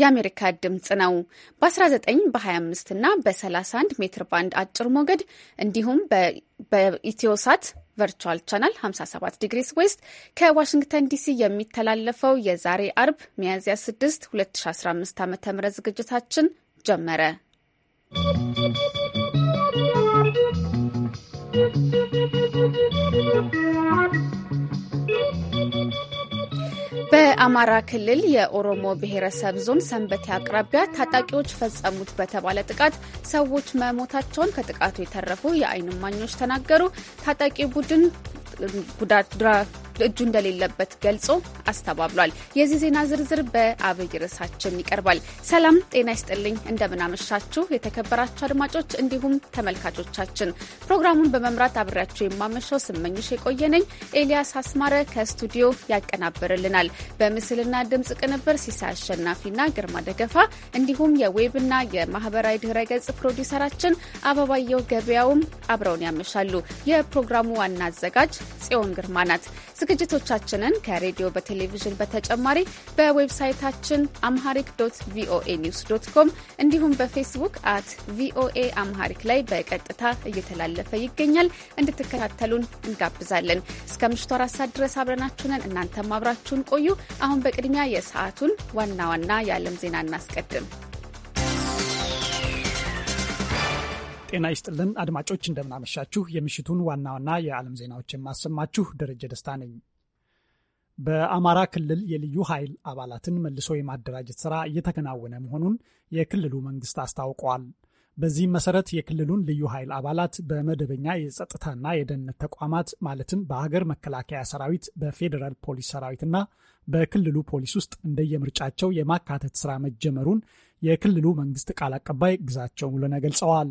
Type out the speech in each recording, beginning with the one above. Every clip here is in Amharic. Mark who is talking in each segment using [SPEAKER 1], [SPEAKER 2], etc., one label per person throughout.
[SPEAKER 1] የአሜሪካ ድምፅ ነው። በ19 በ25 እና በ31 ሜትር ባንድ አጭር ሞገድ እንዲሁም በኢትዮሳት ቨርቹዋል ቻናል 57 ዲግሪስ ዌስት ከዋሽንግተን ዲሲ የሚተላለፈው የዛሬ አርብ ሚያዝያ 6 2015 ዓ ም ዝግጅታችን ጀመረ። በአማራ ክልል የኦሮሞ ብሔረሰብ ዞን ሰንበቴ አቅራቢያ ታጣቂዎች ፈጸሙት በተባለ ጥቃት ሰዎች መሞታቸውን ከጥቃቱ የተረፉ የዓይን እማኞች ተናገሩ። ታጣቂ ቡድን እጁ እንደሌለበት ገልጾ አስተባብሏል። የዚህ ዜና ዝርዝር በአብይ ርዕሳችን ይቀርባል። ሰላም ጤና ይስጥልኝ፣ እንደምናመሻችሁ የተከበራችሁ አድማጮች እንዲሁም ተመልካቾቻችን። ፕሮግራሙን በመምራት አብሬያችሁ የማመሻው ስመኝሽ የቆየነኝ። ኤልያስ አስማረ ከስቱዲዮ ያቀናብርልናል። በምስልና ድምፅ ቅንብር ሲሳይ አሸናፊና ግርማ ደገፋ እንዲሁም የዌብና የማህበራዊ ድህረ ገጽ ፕሮዲውሰራችን አበባየው ገበያውም አብረውን ያመሻሉ። የፕሮግራሙ ዋና አዘጋጅ ጽዮን ግርማ ናት። ዝግጅቶቻችንን ከሬዲዮ በቴሌቪዥን በተጨማሪ በዌብሳይታችን አምሃሪክ ዶት ቪኦኤ ኒውስ ዶት ኮም እንዲሁም በፌስቡክ አት ቪኦኤ አምሃሪክ ላይ በቀጥታ እየተላለፈ ይገኛል። እንድትከታተሉን እንጋብዛለን። እስከ ምሽቱ አራት ሰዓት ድረስ አብረናችሁንን እናንተም አብራችሁን ቆዩ። አሁን በቅድሚያ የሰዓቱን ዋና ዋና የዓለም ዜና እናስቀድም።
[SPEAKER 2] ጤና ይስጥልን አድማጮች፣ እንደምናመሻችሁ። የምሽቱን ዋና ዋና የዓለም ዜናዎች የማሰማችሁ ደረጀ ደስታ ነኝ። በአማራ ክልል የልዩ ኃይል አባላትን መልሶ የማደራጀት ሥራ እየተከናወነ መሆኑን የክልሉ መንግሥት አስታውቀዋል። በዚህም መሰረት የክልሉን ልዩ ኃይል አባላት በመደበኛ የጸጥታና የደህንነት ተቋማት ማለትም በሀገር መከላከያ ሰራዊት፣ በፌዴራል ፖሊስ ሰራዊትና በክልሉ ፖሊስ ውስጥ እንደየምርጫቸው የማካተት ስራ መጀመሩን የክልሉ መንግስት ቃል አቀባይ ግዛቸው ሙሉነህ ገልጸዋል።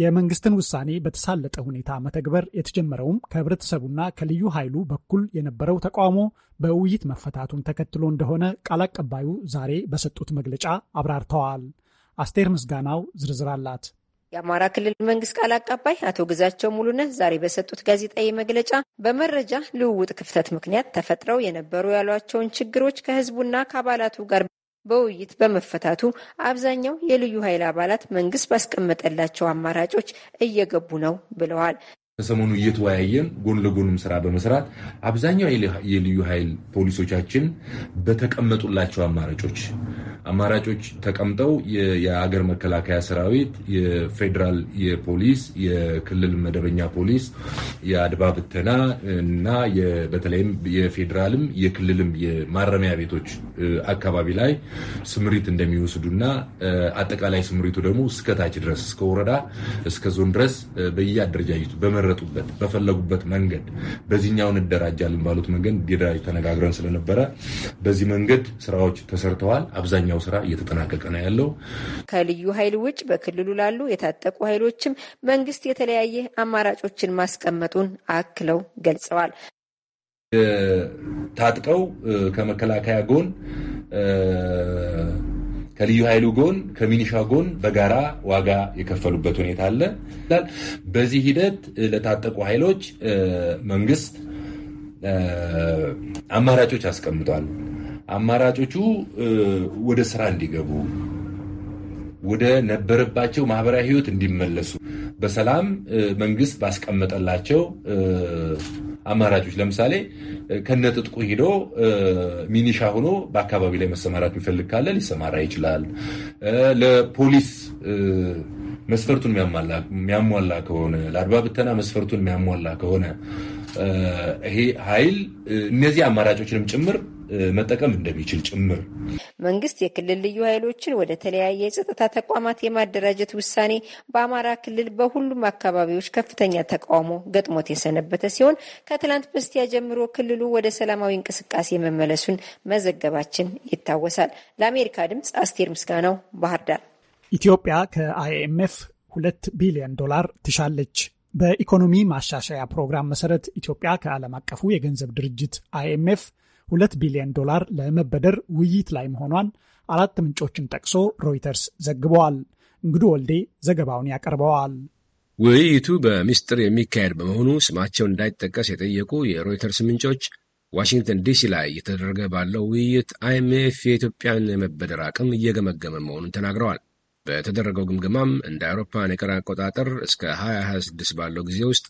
[SPEAKER 2] የመንግስትን ውሳኔ በተሳለጠ ሁኔታ መተግበር የተጀመረውም ከህብረተሰቡና ከልዩ ኃይሉ በኩል የነበረው ተቃውሞ በውይይት መፈታቱን ተከትሎ እንደሆነ ቃል አቀባዩ ዛሬ በሰጡት መግለጫ አብራርተዋል። አስቴር ምስጋናው ዝርዝር አላት።
[SPEAKER 3] የአማራ ክልል መንግስት ቃል አቀባይ አቶ ግዛቸው ሙሉነህ ዛሬ በሰጡት ጋዜጣዊ መግለጫ በመረጃ ልውውጥ ክፍተት ምክንያት ተፈጥረው የነበሩ ያሏቸውን ችግሮች ከህዝቡና ከአባላቱ ጋር በውይይት በመፈታቱ አብዛኛው የልዩ ኃይል አባላት መንግስት ባስቀመጠላቸው አማራጮች እየገቡ ነው ብለዋል።
[SPEAKER 4] ከሰሞኑ እየተወያየን ጎን ለጎንም ስራ በመስራት አብዛኛው የልዩ ኃይል ፖሊሶቻችን በተቀመጡላቸው አማራጮች አማራጮች ተቀምጠው የአገር መከላከያ ሰራዊት፣ የፌዴራል የፖሊስ፣ የክልል መደበኛ ፖሊስ፣ የአድባ ብተና እና በተለይም የፌዴራልም የክልልም የማረሚያ ቤቶች አካባቢ ላይ ስምሪት እንደሚወስዱና አጠቃላይ ስምሪቱ ደግሞ እስከታች ድረስ እስከ ወረዳ እስከ ዞን ድረስ በየአደረጃጀቱ በመረጡበት በፈለጉበት መንገድ በዚህኛው እንደራጃለን ባሉት መንገድ ተነጋግረን ስለነበረ በዚህ መንገድ ስራዎች ተሰርተዋል አብዛኛው አብዛኛው ስራ እየተጠናቀቀ ነው ያለው።
[SPEAKER 3] ከልዩ ኃይል ውጭ በክልሉ ላሉ የታጠቁ ኃይሎችም መንግስት የተለያየ አማራጮችን ማስቀመጡን አክለው ገልጸዋል።
[SPEAKER 4] ታጥቀው ከመከላከያ ጎን ከልዩ ኃይሉ ጎን ከሚኒሻ ጎን በጋራ ዋጋ የከፈሉበት ሁኔታ አለ። በዚህ ሂደት ለታጠቁ ኃይሎች መንግስት አማራጮች አስቀምጧል። አማራጮቹ ወደ ስራ እንዲገቡ ወደ ነበረባቸው ማህበራዊ ህይወት እንዲመለሱ በሰላም መንግስት ባስቀመጠላቸው አማራጮች ለምሳሌ ከነጥጥቁ ሂዶ ሚኒሻ ሆኖ በአካባቢ ላይ መሰማራት የሚፈልግ ካለ ሊሰማራ ይችላል። ለፖሊስ መስፈርቱን የሚያሟላ ከሆነ ለአድባ ብተና መስፈርቱን የሚያሟላ ከሆነ ይሄ ኃይል እነዚህ አማራጮችንም ጭምር መጠቀም እንደሚችል ጭምር
[SPEAKER 3] መንግስት የክልል ልዩ ኃይሎችን ወደ ተለያየ የጸጥታ ተቋማት የማደራጀት ውሳኔ በአማራ ክልል በሁሉም አካባቢዎች ከፍተኛ ተቃውሞ ገጥሞት የሰነበተ ሲሆን ከትላንት በስቲያ ጀምሮ ክልሉ ወደ ሰላማዊ እንቅስቃሴ መመለሱን መዘገባችን ይታወሳል። ለአሜሪካ ድምፅ አስቴር ምስጋናው ባህር ዳር።
[SPEAKER 2] ኢትዮጵያ ከአይኤምኤፍ ሁለት ቢሊዮን ዶላር ትሻለች። በኢኮኖሚ ማሻሻያ ፕሮግራም መሰረት ኢትዮጵያ ከዓለም አቀፉ የገንዘብ ድርጅት አይኤምኤፍ ሁለት ቢሊዮን ዶላር ለመበደር ውይይት ላይ መሆኗን አራት ምንጮችን ጠቅሶ ሮይተርስ ዘግበዋል። እንግዱ ወልዴ ዘገባውን ያቀርበዋል።
[SPEAKER 5] ውይይቱ በሚስጥር የሚካሄድ በመሆኑ ስማቸው እንዳይጠቀስ የጠየቁ የሮይተርስ ምንጮች ዋሽንግተን ዲሲ ላይ እየተደረገ ባለው ውይይት አይኤምኤፍ የኢትዮጵያን የመበደር አቅም እየገመገመ መሆኑን ተናግረዋል። በተደረገው ግምገማም እንደ አውሮፓን የቀረ አቆጣጠር እስከ 2026 ባለው ጊዜ ውስጥ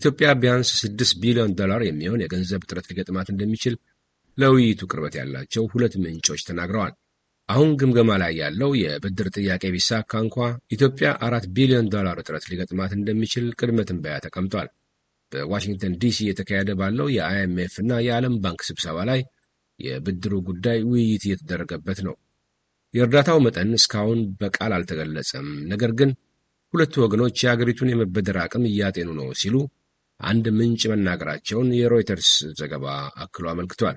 [SPEAKER 5] ኢትዮጵያ ቢያንስ 6 ቢሊዮን ዶላር የሚሆን የገንዘብ እጥረት ሊገጥማት እንደሚችል ለውይይቱ ቅርበት ያላቸው ሁለት ምንጮች ተናግረዋል። አሁን ግምገማ ላይ ያለው የብድር ጥያቄ ቢሳካ እንኳ ኢትዮጵያ አራት ቢሊዮን ዶላር እጥረት ሊገጥማት እንደሚችል ቅድመ ትንበያ ተቀምጧል። በዋሽንግተን ዲሲ የተካሄደ ባለው የአይኤምኤፍ እና የዓለም ባንክ ስብሰባ ላይ የብድሩ ጉዳይ ውይይት እየተደረገበት ነው። የእርዳታው መጠን እስካሁን በቃል አልተገለጸም። ነገር ግን ሁለቱ ወገኖች የአገሪቱን የመበደር አቅም እያጤኑ ነው ሲሉ አንድ ምንጭ መናገራቸውን የሮይተርስ ዘገባ አክሎ አመልክቷል።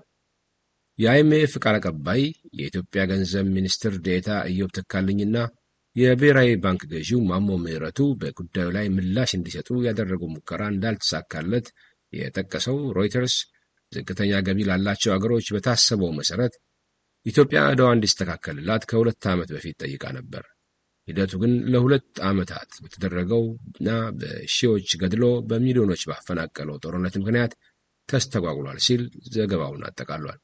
[SPEAKER 5] የአይምኤፍ ቃል አቀባይ የኢትዮጵያ ገንዘብ ሚኒስትር ዴታ እዮብ ተካልኝና የብሔራዊ ባንክ ገዢው ማሞ ምህረቱ በጉዳዩ ላይ ምላሽ እንዲሰጡ ያደረገው ሙከራ እንዳልተሳካለት የጠቀሰው ሮይተርስ ዝቅተኛ ገቢ ላላቸው አገሮች በታሰበው መሠረት ኢትዮጵያ ዕዳዋ እንዲስተካከልላት ከሁለት ዓመት በፊት ጠይቃ ነበር። ሂደቱ ግን ለሁለት ዓመታት በተደረገው እና በሺዎች ገድሎ በሚሊዮኖች ባፈናቀለው ጦርነት ምክንያት ተስተጓጉሏል ሲል ዘገባውን አጠቃሏል።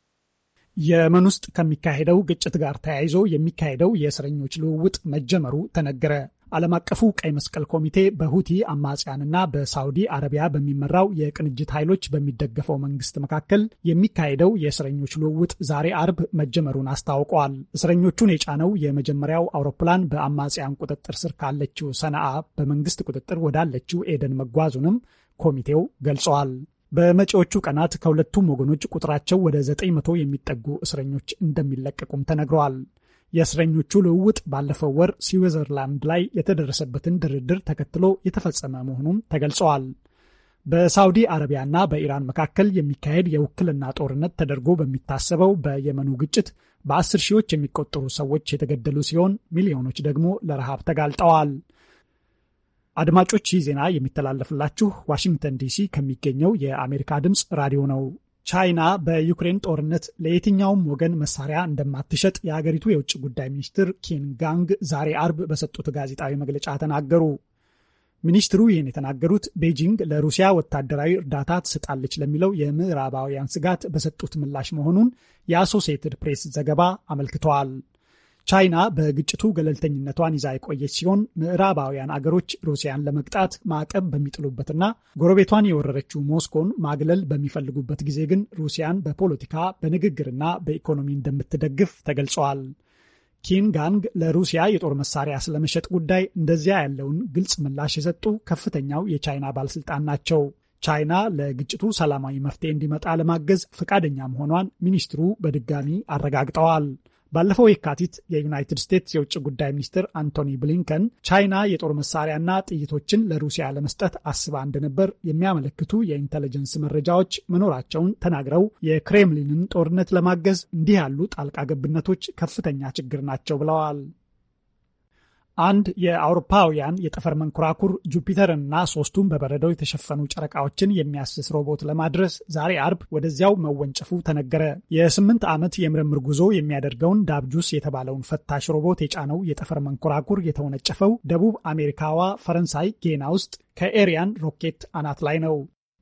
[SPEAKER 2] የመን ውስጥ ከሚካሄደው ግጭት ጋር ተያይዞ የሚካሄደው የእስረኞች ልውውጥ መጀመሩ ተነገረ። ዓለም አቀፉ ቀይ መስቀል ኮሚቴ በሁቲ አማጽያንና በሳውዲ አረቢያ በሚመራው የቅንጅት ኃይሎች በሚደገፈው መንግስት መካከል የሚካሄደው የእስረኞች ልውውጥ ዛሬ አርብ መጀመሩን አስታውቀዋል። እስረኞቹን የጫነው የመጀመሪያው አውሮፕላን በአማጽያን ቁጥጥር ስር ካለችው ሰነአ በመንግስት ቁጥጥር ወዳለችው ኤደን መጓዙንም ኮሚቴው ገልጸዋል። በመጪዎቹ ቀናት ከሁለቱም ወገኖች ቁጥራቸው ወደ ዘጠኝ መቶ የሚጠጉ እስረኞች እንደሚለቀቁም ተነግረዋል። የእስረኞቹ ልውውጥ ባለፈው ወር ስዊዘርላንድ ላይ የተደረሰበትን ድርድር ተከትሎ የተፈጸመ መሆኑም ተገልጸዋል። በሳውዲ አረቢያና በኢራን መካከል የሚካሄድ የውክልና ጦርነት ተደርጎ በሚታሰበው በየመኑ ግጭት በአስር ሺዎች የሚቆጠሩ ሰዎች የተገደሉ ሲሆን ሚሊዮኖች ደግሞ ለረሃብ ተጋልጠዋል። አድማጮች ይህ ዜና የሚተላለፍላችሁ ዋሽንግተን ዲሲ ከሚገኘው የአሜሪካ ድምፅ ራዲዮ ነው። ቻይና በዩክሬን ጦርነት ለየትኛውም ወገን መሳሪያ እንደማትሸጥ የሀገሪቱ የውጭ ጉዳይ ሚኒስትር ኪን ጋንግ ዛሬ አርብ በሰጡት ጋዜጣዊ መግለጫ ተናገሩ። ሚኒስትሩ ይህን የተናገሩት ቤጂንግ ለሩሲያ ወታደራዊ እርዳታ ትሰጣለች ለሚለው የምዕራባውያን ስጋት በሰጡት ምላሽ መሆኑን የአሶሴትድ ፕሬስ ዘገባ አመልክተዋል። ቻይና በግጭቱ ገለልተኝነቷን ይዛ የቆየች ሲሆን ምዕራባውያን አገሮች ሩሲያን ለመቅጣት ማዕቀብ በሚጥሉበትና ጎረቤቷን የወረረችው ሞስኮን ማግለል በሚፈልጉበት ጊዜ ግን ሩሲያን በፖለቲካ በንግግርና በኢኮኖሚ እንደምትደግፍ ተገልጸዋል። ኪንጋንግ ለሩሲያ የጦር መሳሪያ ስለመሸጥ ጉዳይ እንደዚያ ያለውን ግልጽ ምላሽ የሰጡ ከፍተኛው የቻይና ባለስልጣን ናቸው። ቻይና ለግጭቱ ሰላማዊ መፍትሄ እንዲመጣ ለማገዝ ፈቃደኛ መሆኗን ሚኒስትሩ በድጋሚ አረጋግጠዋል። ባለፈው የካቲት የዩናይትድ ስቴትስ የውጭ ጉዳይ ሚኒስትር አንቶኒ ብሊንከን ቻይና የጦር መሳሪያና ጥይቶችን ለሩሲያ ለመስጠት አስባ እንደነበር የሚያመለክቱ የኢንተለጀንስ መረጃዎች መኖራቸውን ተናግረው የክሬምሊንን ጦርነት ለማገዝ እንዲህ ያሉ ጣልቃ ገብነቶች ከፍተኛ ችግር ናቸው ብለዋል። አንድ የአውሮፓውያን የጠፈር መንኮራኩር እና ሶስቱም በበረዶ የተሸፈኑ ጨረቃዎችን የሚያስስ ሮቦት ለማድረስ ዛሬ አርብ ወደዚያው መወንጨፉ ተነገረ። የስምንት ዓመት የምርምር ጉዞ የሚያደርገውን ዳብጁስ የተባለውን ፈታሽ ሮቦት የጫነው የጠፈር መንኮራኩር የተወነጨፈው ደቡብ አሜሪካዋ ፈረንሳይ ጌና ውስጥ ከኤሪያን ሮኬት አናት ላይ ነው።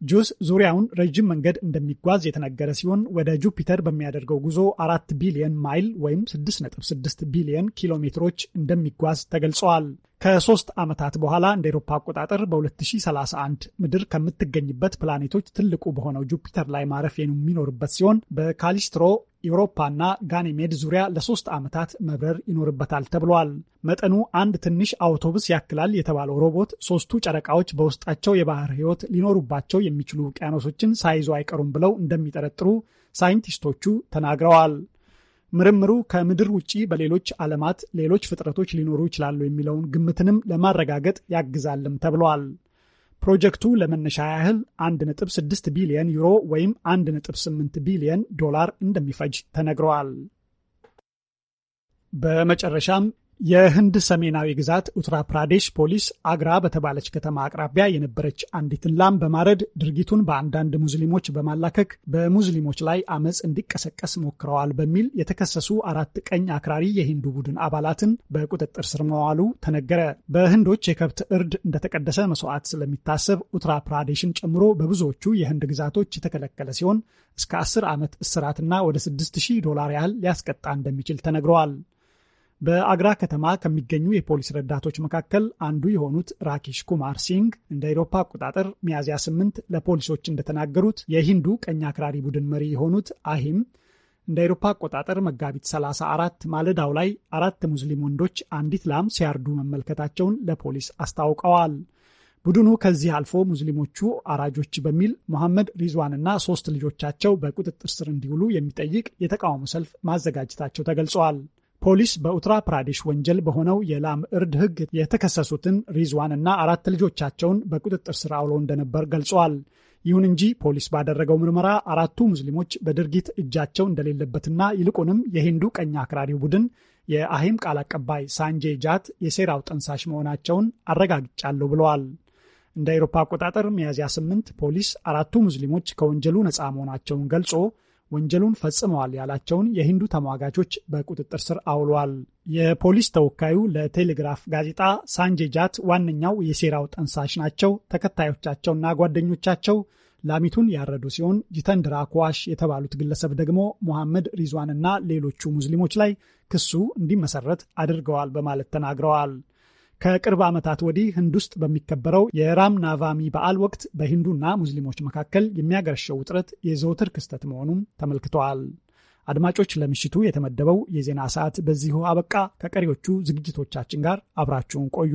[SPEAKER 2] ጁስ ዙሪያውን ረዥም መንገድ እንደሚጓዝ የተነገረ ሲሆን ወደ ጁፒተር በሚያደርገው ጉዞ አራት ቢሊየን ማይል ወይም 6.6 ቢሊየን ኪሎ ሜትሮች እንደሚጓዝ ተገልጸዋል። ከሶስት ዓመታት በኋላ እንደ ኤሮፓ አቆጣጠር በ2031 ምድር ከምትገኝበት ፕላኔቶች ትልቁ በሆነው ጁፒተር ላይ ማረፍ የሚኖርበት ሲሆን በካሊስትሮ ኢውሮፓና ጋኔሜድ ዙሪያ ለሶስት ዓመታት መብረር ይኖርበታል ተብሏል። መጠኑ አንድ ትንሽ አውቶቡስ ያክላል የተባለው ሮቦት ሶስቱ ጨረቃዎች በውስጣቸው የባህር ሕይወት ሊኖሩባቸው የሚችሉ ውቅያኖሶችን ሳይዙ አይቀሩም ብለው እንደሚጠረጥሩ ሳይንቲስቶቹ ተናግረዋል። ምርምሩ ከምድር ውጪ በሌሎች ዓለማት ሌሎች ፍጥረቶች ሊኖሩ ይችላሉ የሚለውን ግምትንም ለማረጋገጥ ያግዛልም ተብለዋል። ፕሮጀክቱ ለመነሻ ያህል 1.6 ቢሊየን ዩሮ ወይም 1.8 ቢሊየን ዶላር እንደሚፈጅ ተነግረዋል። በመጨረሻም የህንድ ሰሜናዊ ግዛት ኡትራፕራዴሽ ፖሊስ አግራ በተባለች ከተማ አቅራቢያ የነበረች አንዲትን ላም በማረድ ድርጊቱን በአንዳንድ ሙስሊሞች በማላከክ በሙስሊሞች ላይ አመፅ እንዲቀሰቀስ ሞክረዋል በሚል የተከሰሱ አራት ቀኝ አክራሪ የሂንዱ ቡድን አባላትን በቁጥጥር ስር መዋሉ ተነገረ። በህንዶች የከብት እርድ እንደተቀደሰ መስዋዕት ስለሚታሰብ ኡትራፕራዴሽን ጨምሮ በብዙዎቹ የህንድ ግዛቶች የተከለከለ ሲሆን እስከ 10 ዓመት እስራትና ወደ 6000 ዶላር ያህል ሊያስቀጣ እንደሚችል ተነግረዋል። በአግራ ከተማ ከሚገኙ የፖሊስ ረዳቶች መካከል አንዱ የሆኑት ራኪሽ ኩማር ሲንግ እንደ አውሮፓ አቆጣጠር ሚያዝያ ስምንት ለፖሊሶች እንደተናገሩት የሂንዱ ቀኝ አክራሪ ቡድን መሪ የሆኑት አሂም እንደ አውሮፓ አቆጣጠር መጋቢት 34 ማለዳው ላይ አራት ሙስሊም ወንዶች አንዲት ላም ሲያርዱ መመልከታቸውን ለፖሊስ አስታውቀዋል። ቡድኑ ከዚህ አልፎ ሙስሊሞቹ አራጆች በሚል መሐመድ ሪዝዋንና ሶስት ልጆቻቸው በቁጥጥር ስር እንዲውሉ የሚጠይቅ የተቃውሞ ሰልፍ ማዘጋጀታቸው ተገልጿል። ፖሊስ በኡትራ ፕራዴሽ ወንጀል በሆነው የላም እርድ ህግ የተከሰሱትን ሪዝዋን እና አራት ልጆቻቸውን በቁጥጥር ስር አውሎ እንደነበር ገልጸዋል። ይሁን እንጂ ፖሊስ ባደረገው ምርመራ አራቱ ሙስሊሞች በድርጊት እጃቸው እንደሌለበትና ይልቁንም የሂንዱ ቀኝ አክራሪው ቡድን የአሂም ቃል አቀባይ ሳንጄ ጃት የሴራው ጠንሳሽ መሆናቸውን አረጋግጫለሁ ብለዋል። እንደ አውሮፓ አቆጣጠር ሚያዝያ 8 ፖሊስ አራቱ ሙስሊሞች ከወንጀሉ ነፃ መሆናቸውን ገልጾ ወንጀሉን ፈጽመዋል ያላቸውን የሂንዱ ተሟጋቾች በቁጥጥር ስር አውሏል። የፖሊስ ተወካዩ ለቴሌግራፍ ጋዜጣ ሳንጄ ጃት ዋነኛው የሴራው ጠንሳሽ ናቸው፣ ተከታዮቻቸውና ጓደኞቻቸው ላሚቱን ያረዱ ሲሆን ጂተንድራ ኳሽ የተባሉት ግለሰብ ደግሞ ሙሐመድ ሪዝዋንና ሌሎቹ ሙስሊሞች ላይ ክሱ እንዲመሰረት አድርገዋል በማለት ተናግረዋል። ከቅርብ ዓመታት ወዲህ ህንድ ውስጥ በሚከበረው የራም ናቫሚ በዓል ወቅት በሂንዱና ሙስሊሞች መካከል የሚያገረሸው ውጥረት የዘውትር ክስተት መሆኑም ተመልክተዋል። አድማጮች፣ ለምሽቱ የተመደበው የዜና ሰዓት በዚሁ አበቃ። ከቀሪዎቹ ዝግጅቶቻችን ጋር አብራችሁን ቆዩ።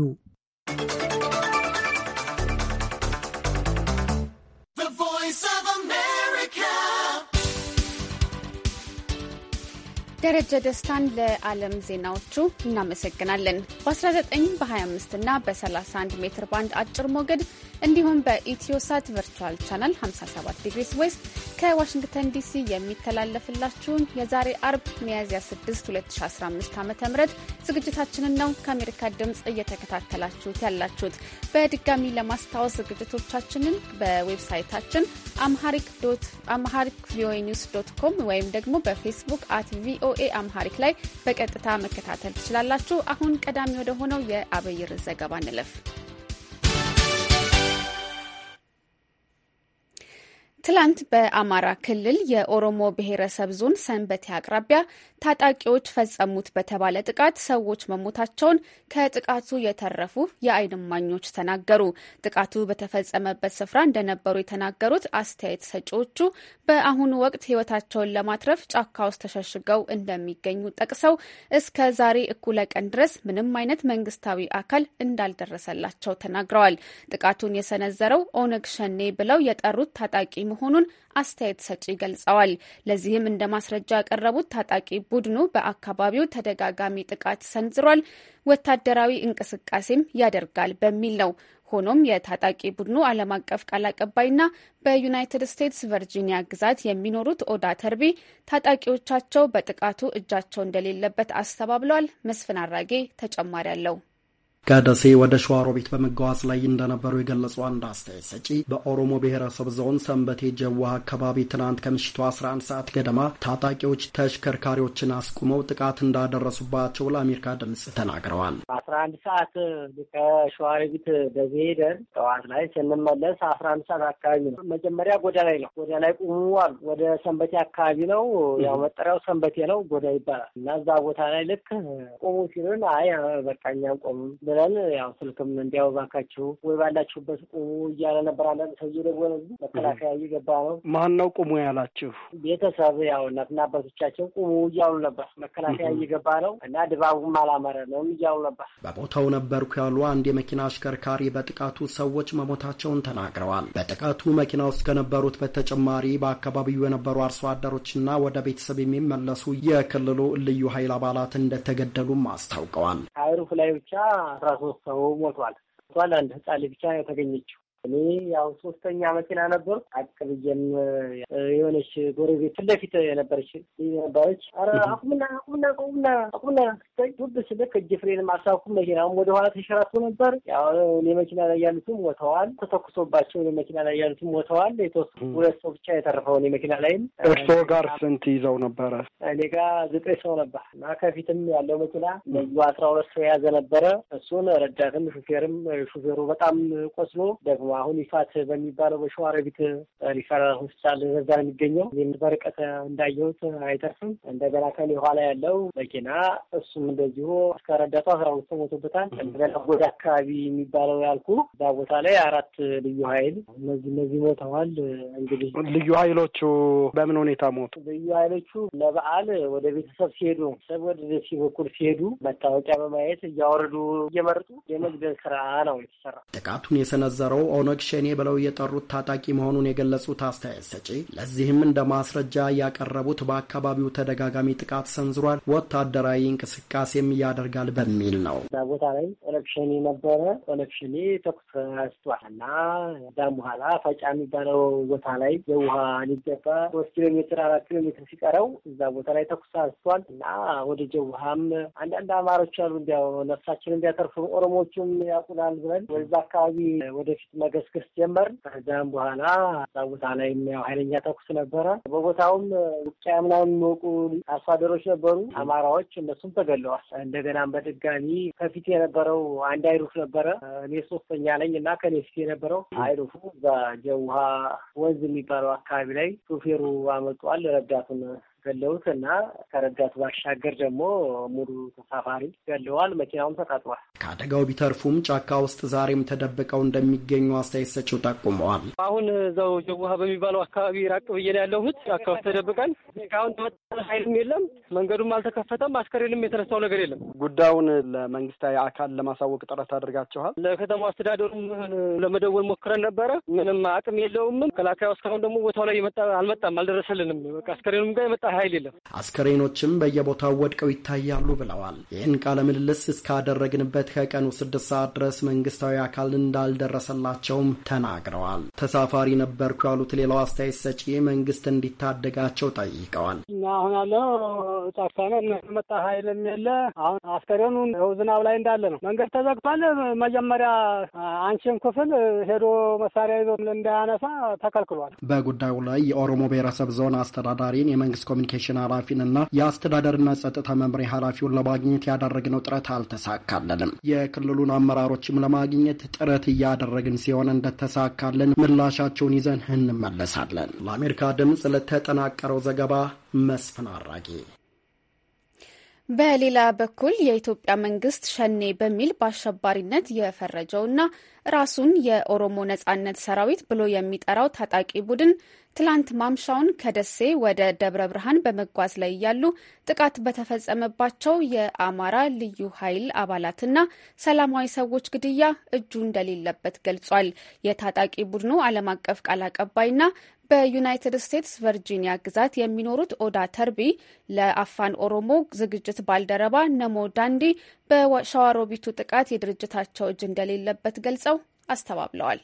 [SPEAKER 1] ደረጀ ደስታን ለዓለም ዜናዎቹ እናመሰግናለን። በ19 በ25 እና በ31 ሜትር ባንድ አጭር ሞገድ እንዲሁም በኢትዮሳት ቨርቹዋል ቻናል 57 ዲግሪስ ዌስት ከዋሽንግተን ዲሲ የሚተላለፍላችሁን የዛሬ አርብ ሚያዝያ 6 2015 ዓ ም ዝግጅታችንን ነው ከአሜሪካ ድምፅ እየተከታተላችሁት ያላችሁት። በድጋሚ ለማስታወስ ዝግጅቶቻችንን በዌብሳይታችን አምሃሪክ ቪኦኤ ኒውስ ዶት ኮም ወይም ደግሞ በፌስቡክ አት ቪኦ ቪኦኤ አምሃሪክ ላይ በቀጥታ መከታተል ትችላላችሁ። አሁን ቀዳሚ ወደ ሆነው የአብይር ዘገባ እንለፍ። ትላንት በአማራ ክልል የኦሮሞ ብሔረሰብ ዞን ሰንበቴ አቅራቢያ ታጣቂዎች ፈጸሙት በተባለ ጥቃት ሰዎች መሞታቸውን ከጥቃቱ የተረፉ የዓይን እማኞች ተናገሩ። ጥቃቱ በተፈጸመበት ስፍራ እንደነበሩ የተናገሩት አስተያየት ሰጪዎቹ በአሁኑ ወቅት ሕይወታቸውን ለማትረፍ ጫካ ውስጥ ተሸሽገው እንደሚገኙ ጠቅሰው እስከ ዛሬ እኩለ ቀን ድረስ ምንም አይነት መንግስታዊ አካል እንዳልደረሰላቸው ተናግረዋል። ጥቃቱን የሰነዘረው ኦነግ ሸኔ ብለው የጠሩት ታጣቂ መሆኑን አስተያየት ሰጪ ገልጸዋል። ለዚህም እንደ ማስረጃ ያቀረቡት ታጣቂ ቡድኑ በአካባቢው ተደጋጋሚ ጥቃት ሰንዝሯል፣ ወታደራዊ እንቅስቃሴም ያደርጋል በሚል ነው። ሆኖም የታጣቂ ቡድኑ ዓለም አቀፍ ቃል አቀባይና በዩናይትድ ስቴትስ ቨርጂኒያ ግዛት የሚኖሩት ኦዳ ተርቢ ታጣቂዎቻቸው በጥቃቱ እጃቸው እንደሌለበት አስተባብለዋል። መስፍን አራጌ ተጨማሪ አለው።
[SPEAKER 6] ከደሴ ወደ ሸዋሮቢት በመጓዝ ላይ እንደነበሩ የገለጹ አንድ አስተያየት ሰጪ በኦሮሞ ብሔረሰብ ዞን ሰንበቴ ጀዋ አካባቢ ትናንት ከምሽቱ 11 ሰዓት ገደማ ታጣቂዎች ተሽከርካሪዎችን አስቁመው ጥቃት እንዳደረሱባቸው ለአሜሪካ ድምፅ ተናግረዋል።
[SPEAKER 7] አስራ አንድ ሰዓት ከሸዋሮቢት ደሴ ሄደን ጠዋት ላይ ስንመለስ አስራ አንድ ሰዓት አካባቢ ነው። መጀመሪያ ጎዳ ላይ ነው። ጎዳ ላይ ቁሙ አሉ። ወደ ሰንበቴ አካባቢ ነው። ያው መጠሪያው ሰንበቴ ነው። ጎዳ ይባላል እና እዛ ቦታ ላይ ልክ ቁሙ ሲሉን አይ በቃ እኛም ቆሙ ብለን ያው ስልክም እንዲያው እባካችሁ ወይ ባላችሁበት ቁሙ እያለ ነበር። አንዳንድ ሰው ደግሞ መከላከያ እየገባ ነው።
[SPEAKER 6] ማን ነው ቁሙ ያላችሁ?
[SPEAKER 7] ቤተሰብ ያው እናትና አባቶቻቸው ቁሙ እያሉ ነበር። መከላከያ እየገባ ነው እና ድባቡም አላመረ ነው እያሉ ነበር።
[SPEAKER 6] በቦታው ነበርኩ ያሉ አንድ የመኪና አሽከርካሪ በጥቃቱ ሰዎች መሞታቸውን ተናግረዋል። በጥቃቱ መኪና ውስጥ ከነበሩት በተጨማሪ በአካባቢው የነበሩ አርሶ አደሮችና ወደ ቤተሰብ የሚመለሱ የክልሉ ልዩ ኃይል አባላት እንደተገደሉም አስታውቀዋል።
[SPEAKER 7] አይሩፍ ላይ ብቻ አስራ ሶስት ሰው ሞቷል። ቷል አንድ ህጻን ልጅ ብቻ የተገኘችው እኔ ያው ሶስተኛ መኪና ነበር አቅብዬም የሆነች ጎረቤት ፊት ለፊት የነበረች ነበረች። ኧረ አቁምና አቁምና አቁምና አቁምና ዱብ ስልክ እጅ ፍሬንም አልሳኩም። መኪናውም ወደኋላ ተሸራቶ ነበር። ያው እኔ መኪና ላይ ያሉትም ሞተዋል። ተተኩሶባቸው እኔ መኪና ላይ ያሉትም ሞተዋል። የተወሰኑ ሁለት ሰው ብቻ የተረፈው እኔ መኪና ላይም።
[SPEAKER 6] እርስዎ ጋር ስንት ይዘው ነበረ?
[SPEAKER 7] እኔ ጋር ዘጠኝ ሰው ነበር እና ከፊትም ያለው መኪና ለዩ አስራ ሁለት ሰው የያዘ ነበረ። እሱን ረዳትም ሹፌርም ሹፌሩ በጣም ቆስሎ ደግሞ አሁን ይፋት በሚባለው በሸዋረቢት ሪፈራል ሆስፒታል በዛ የሚገኘው የሚገኘው። በርቀት እንዳየሁት አይተርፍም። እንደገና ከኔ ኋላ ያለው መኪና እሱም እንደዚሁ እስከ ረዳቱ አስራ አምስት ሞቶበታል። እንደገና ጎዳ አካባቢ የሚባለው ያልኩ እዛ ቦታ ላይ አራት ልዩ ኃይል እነዚህ እነዚህ
[SPEAKER 8] ሞተዋል። እንግዲህ ልዩ ኃይሎቹ በምን ሁኔታ ሞቱ?
[SPEAKER 7] ልዩ ኃይሎቹ ለበዓል ወደ ቤተሰብ ሲሄዱ ሰብ ወደ ደሴ በኩል ሲሄዱ መታወቂያ በማየት እያወረዱ እየመረጡ የመግደል ስራ ነው የተሰራ።
[SPEAKER 6] ጥቃቱን የሰነዘረው ኦነግ ሸኔ ብለው የጠሩት ታጣቂ መሆኑን የገለጹት አስተያየት ሰጪ ለዚህም እንደ ማስረጃ ያቀረቡት በአካባቢው ተደጋጋሚ ጥቃት ሰንዝሯል፣ ወታደራዊ እንቅስቃሴም እያደርጋል በሚል ነው። እዛ
[SPEAKER 7] ቦታ ላይ ኦነግ ሸኔ ነበረ። ኦነግ ሸኔ ተኩስ አስቷልና እዛም በኋላ ፈጫ የሚባለው ቦታ ላይ የውሃ ሊገባ ሶስት ኪሎ ሜትር አራት ኪሎ ሜትር ሲቀረው እዛ ቦታ ላይ ተኩስ አንስቷል እና ወደ ጀውሃም አንዳንድ አማሮች አሉ እንዲያው ነፍሳችን እንዲያተርፉ ኦሮሞዎቹም ያውቁናል ብለን ወደዛ አካባቢ ወደፊት መ መገስገስ ጀመርን። ከዚያም በኋላ እዛ ቦታ ላይ ያው ኃይለኛ ተኩስ ነበረ። በቦታውም ውቅያ ምናምን የሚወቁ አርሶ አደሮች ነበሩ፣ አማራዎች፣ እነሱም ተገለዋል። እንደገናም በድጋሚ ከፊት የነበረው አንድ አይሩፍ ነበረ። እኔ ሶስተኛ ነኝ እና ከኔ ፊት የነበረው አይሩፉ በጀውሃ ወንዝ የሚባለው አካባቢ ላይ ሹፌሩ አመጧል ረዳቱን ገለውት እና ከረዳቱ ባሻገር ደግሞ ሙሉ ተሳፋሪ ገለዋል። መኪናውም ተቃጥሏል።
[SPEAKER 6] ከአደጋው ቢተርፉም ጫካ ውስጥ ዛሬም ተደብቀው እንደሚገኙ አስተያየት ሰጪው ጠቁመዋል።
[SPEAKER 7] አሁን
[SPEAKER 8] እዛው ጀውሃ በሚባለው አካባቢ ራቅ ብዬ ነው ያለሁት። ጫካ ውስጥ ተደብቀን እስካሁን ተመጣ ኃይልም የለም፣ መንገዱም አልተከፈተም፣ አስከሬንም የተነሳው ነገር የለም።
[SPEAKER 6] ጉዳዩን ለመንግስታዊ አካል ለማሳወቅ ጥረት አድርጋችኋል?
[SPEAKER 8] ለከተማው አስተዳደሩም ለመደወል ሞክረን ነበረ። ምንም አቅም የለውም መከላከያው። እስካሁን ደግሞ ቦታው ላይ አልመጣም፣ አልደረሰልንም። አስከሬኑም ጋር የመጣ ኃይል የለም።
[SPEAKER 6] አስከሬኖችም በየቦታው ወድቀው ይታያሉ ብለዋል። ይህን ቃለ ምልልስ እስካደረግንበት ከቀኑ ስድስት ሰዓት ድረስ መንግስታዊ አካል እንዳልደረሰላቸውም ተናግረዋል። ተሳፋሪ ነበርኩ ያሉት ሌላው አስተያየት ሰጪ መንግስት እንዲታደጋቸው ጠይቀዋል።
[SPEAKER 8] እና አሁን ያለው ጠፍተነ መጣ ኃይልም የለ አሁን አስከሬኑ ዝናብ ላይ እንዳለ ነው። መንገድ ተዘግቷል። መጀመሪያ አንቺም ክፍል ሄዶ መሳሪያ ይዞ እንዳያነሳ
[SPEAKER 6] ተከልክሏል። በጉዳዩ ላይ የኦሮሞ ብሔረሰብ ዞን አስተዳዳሪን የመንግስት ኮሚ ኮሚኒኬሽን ኃላፊንና የአስተዳደርና ጸጥታ መምሪያ ኃላፊውን ለማግኘት ያደረግነው ጥረት አልተሳካለንም። የክልሉን አመራሮችም ለማግኘት ጥረት እያደረግን ሲሆን እንደተሳካልን ምላሻቸውን ይዘን እንመለሳለን። ለአሜሪካ ድምፅ ለተጠናቀረው ዘገባ መስፍን አራጌ
[SPEAKER 1] በሌላ በኩል የኢትዮጵያ መንግስት ሸኔ በሚል በአሸባሪነት የፈረጀውና ራሱን የኦሮሞ ነጻነት ሰራዊት ብሎ የሚጠራው ታጣቂ ቡድን ትላንት ማምሻውን ከደሴ ወደ ደብረ ብርሃን በመጓዝ ላይ እያሉ ጥቃት በተፈጸመባቸው የአማራ ልዩ ኃይል አባላትና ሰላማዊ ሰዎች ግድያ እጁ እንደሌለበት ገልጿል። የታጣቂ ቡድኑ ዓለም አቀፍ ቃል አቀባይና በዩናይትድ ስቴትስ ቨርጂኒያ ግዛት የሚኖሩት ኦዳ ተርቢ ለአፋን ኦሮሞ ዝግጅት ባልደረባ ነሞ ዳንዲ በሸዋሮቢቱ ጥቃት የድርጅታቸው እጅ እንደሌለበት ገልጸው አስተባብለዋል።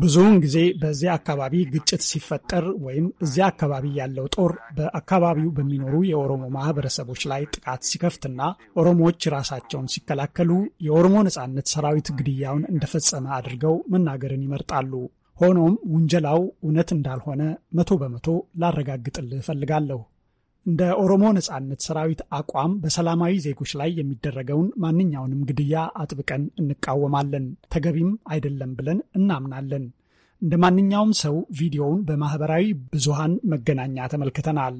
[SPEAKER 2] ብዙውን ጊዜ በዚያ አካባቢ ግጭት ሲፈጠር ወይም እዚያ አካባቢ ያለው ጦር በአካባቢው በሚኖሩ የኦሮሞ ማህበረሰቦች ላይ ጥቃት ሲከፍትና ኦሮሞዎች ራሳቸውን ሲከላከሉ የኦሮሞ ነጻነት ሰራዊት ግድያውን እንደፈጸመ አድርገው መናገርን ይመርጣሉ። ሆኖም ውንጀላው እውነት እንዳልሆነ መቶ በመቶ ላረጋግጥልህ እፈልጋለሁ። እንደ ኦሮሞ ነጻነት ሰራዊት አቋም በሰላማዊ ዜጎች ላይ የሚደረገውን ማንኛውንም ግድያ አጥብቀን እንቃወማለን፣ ተገቢም አይደለም ብለን እናምናለን። እንደ ማንኛውም ሰው ቪዲዮውን በማህበራዊ ብዙሃን መገናኛ ተመልክተናል።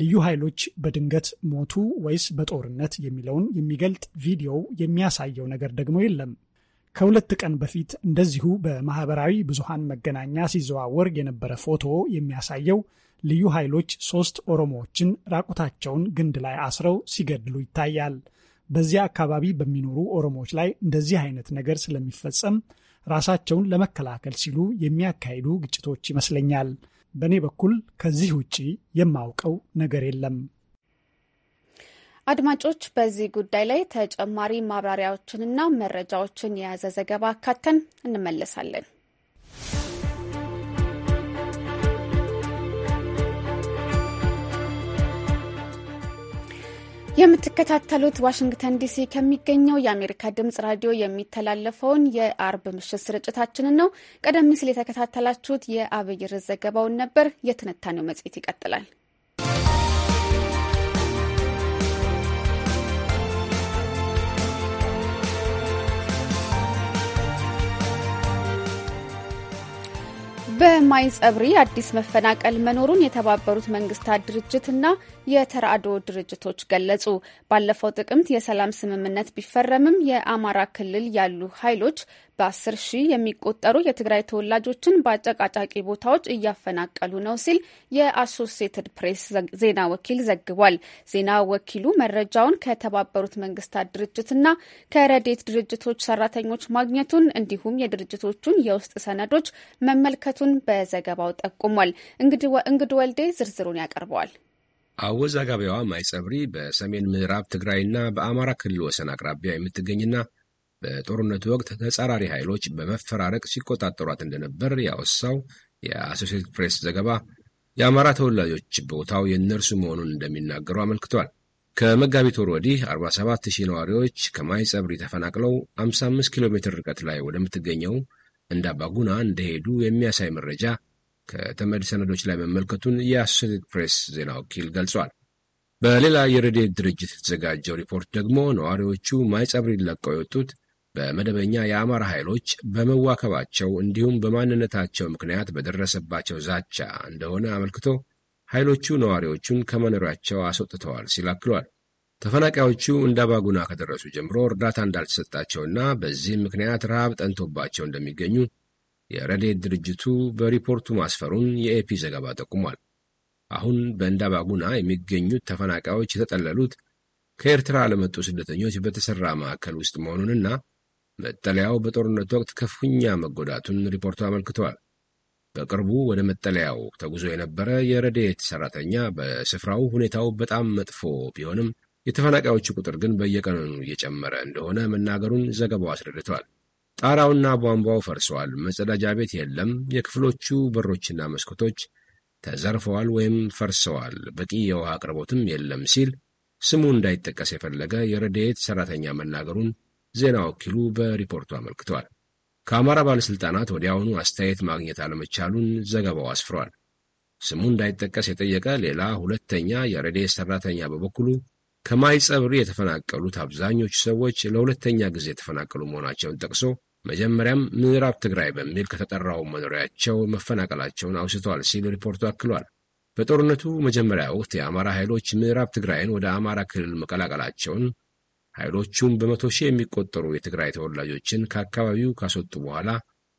[SPEAKER 2] ልዩ ኃይሎች በድንገት ሞቱ ወይስ በጦርነት የሚለውን የሚገልጥ ቪዲዮ የሚያሳየው ነገር ደግሞ የለም። ከሁለት ቀን በፊት እንደዚሁ በማህበራዊ ብዙሃን መገናኛ ሲዘዋወር የነበረ ፎቶ የሚያሳየው ልዩ ኃይሎች ሶስት ኦሮሞዎችን ራቁታቸውን ግንድ ላይ አስረው ሲገድሉ ይታያል። በዚያ አካባቢ በሚኖሩ ኦሮሞዎች ላይ እንደዚህ አይነት ነገር ስለሚፈጸም ራሳቸውን ለመከላከል ሲሉ የሚያካሂዱ ግጭቶች ይመስለኛል። በእኔ በኩል ከዚህ ውጪ የማውቀው ነገር የለም።
[SPEAKER 1] አድማጮች፣ በዚህ ጉዳይ ላይ ተጨማሪ ማብራሪያዎችንና መረጃዎችን የያዘ ዘገባ አካተን እንመለሳለን። የምትከታተሉት ዋሽንግተን ዲሲ ከሚገኘው የአሜሪካ ድምጽ ራዲዮ የሚተላለፈውን የአርብ ምሽት ስርጭታችንን ነው። ቀደም ሲል የተከታተላችሁት የአብይር ዘገባውን ነበር። የትንታኔው መጽሔት ይቀጥላል። በማይንስ ጸብሪ አዲስ መፈናቀል መኖሩን የተባበሩት መንግስታት ድርጅትና የተራድኦ ድርጅቶች ገለጹ። ባለፈው ጥቅምት የሰላም ስምምነት ቢፈረምም የአማራ ክልል ያሉ ኃይሎች በአስር ሺህ የሚቆጠሩ የትግራይ ተወላጆችን በአጨቃጫቂ ቦታዎች እያፈናቀሉ ነው ሲል የአሶሴትድ ፕሬስ ዜና ወኪል ዘግቧል። ዜና ወኪሉ መረጃውን ከተባበሩት መንግስታት ድርጅትና ከረዴት ድርጅቶች ሰራተኞች ማግኘቱን እንዲሁም የድርጅቶቹን የውስጥ ሰነዶች መመልከቱን በዘገባው ጠቁሟል። እንግድ ወልዴ ዝርዝሩን ያቀርበዋል።
[SPEAKER 5] አወዛጋቢዋ ማይጸብሪ በሰሜን ምዕራብ ትግራይና በአማራ ክልል ወሰን አቅራቢያ የምትገኝና በጦርነቱ ወቅት ተጻራሪ ኃይሎች በመፈራረቅ ሲቆጣጠሯት እንደነበር ያወሳው የአሶሴትድ ፕሬስ ዘገባ የአማራ ተወላጆች ቦታው የእነርሱ መሆኑን እንደሚናገሩ አመልክቷል። ከመጋቢት ወር ወዲህ 47 ሺህ ነዋሪዎች ከማይጸብሪ ተፈናቅለው 55 ኪሎ ሜትር ርቀት ላይ ወደምትገኘው እንደ አባጉና እንደሄዱ የሚያሳይ መረጃ ከተመድ ሰነዶች ላይ መመልከቱን የአሶሲኤትድ ፕሬስ ዜና ወኪል ገልጿል። በሌላ የረድኤት ድርጅት የተዘጋጀው ሪፖርት ደግሞ ነዋሪዎቹ ማይጸብሪን ለቀው የወጡት በመደበኛ የአማራ ኃይሎች በመዋከባቸው እንዲሁም በማንነታቸው ምክንያት በደረሰባቸው ዛቻ እንደሆነ አመልክቶ ኃይሎቹ ነዋሪዎቹን ከመኖሪያቸው አስወጥተዋል ሲል አክሏል። ተፈናቃዮቹ እንደ አባጉና ከደረሱ ጀምሮ እርዳታ እንዳልተሰጣቸውና በዚህም ምክንያት ረሃብ ጠንቶባቸው እንደሚገኙ የረድኤት ድርጅቱ በሪፖርቱ ማስፈሩን የኤፒ ዘገባ ጠቁሟል። አሁን በእንዳባጉና የሚገኙት ተፈናቃዮች የተጠለሉት ከኤርትራ ለመጡ ስደተኞች በተሠራ ማዕከል ውስጥ መሆኑንና መጠለያው በጦርነት ወቅት ከፍኛ መጎዳቱን ሪፖርቱ አመልክቷል። በቅርቡ ወደ መጠለያው ተጉዞ የነበረ የረድኤት ሰራተኛ በስፍራው ሁኔታው በጣም መጥፎ ቢሆንም የተፈናቃዮቹ ቁጥር ግን በየቀኑ እየጨመረ እንደሆነ መናገሩን ዘገባው አስረድቷል። ጣራውና ቧንቧው ፈርሰዋል፣ መጸዳጃ ቤት የለም፣ የክፍሎቹ በሮችና መስኮቶች ተዘርፈዋል ወይም ፈርሰዋል፣ በቂ የውሃ አቅርቦትም የለም ሲል ስሙ እንዳይጠቀስ የፈለገ የረድኤት ሰራተኛ መናገሩን ዜና ወኪሉ በሪፖርቱ አመልክቷል። ከአማራ ባለሥልጣናት ወዲያውኑ አስተያየት ማግኘት አለመቻሉን ዘገባው አስፍሯል። ስሙ እንዳይጠቀስ የጠየቀ ሌላ ሁለተኛ የረድኤት ሠራተኛ በበኩሉ ከማይጸብሪ የተፈናቀሉት አብዛኞቹ ሰዎች ለሁለተኛ ጊዜ የተፈናቀሉ መሆናቸውን ጠቅሶ መጀመሪያም ምዕራብ ትግራይ በሚል ከተጠራው መኖሪያቸው መፈናቀላቸውን አውስተዋል ሲል ሪፖርቱ አክሏል። በጦርነቱ መጀመሪያ ወቅት የአማራ ኃይሎች ምዕራብ ትግራይን ወደ አማራ ክልል መቀላቀላቸውን ኃይሎቹም በመቶ ሺህ የሚቆጠሩ የትግራይ ተወላጆችን ከአካባቢው ካስወጡ በኋላ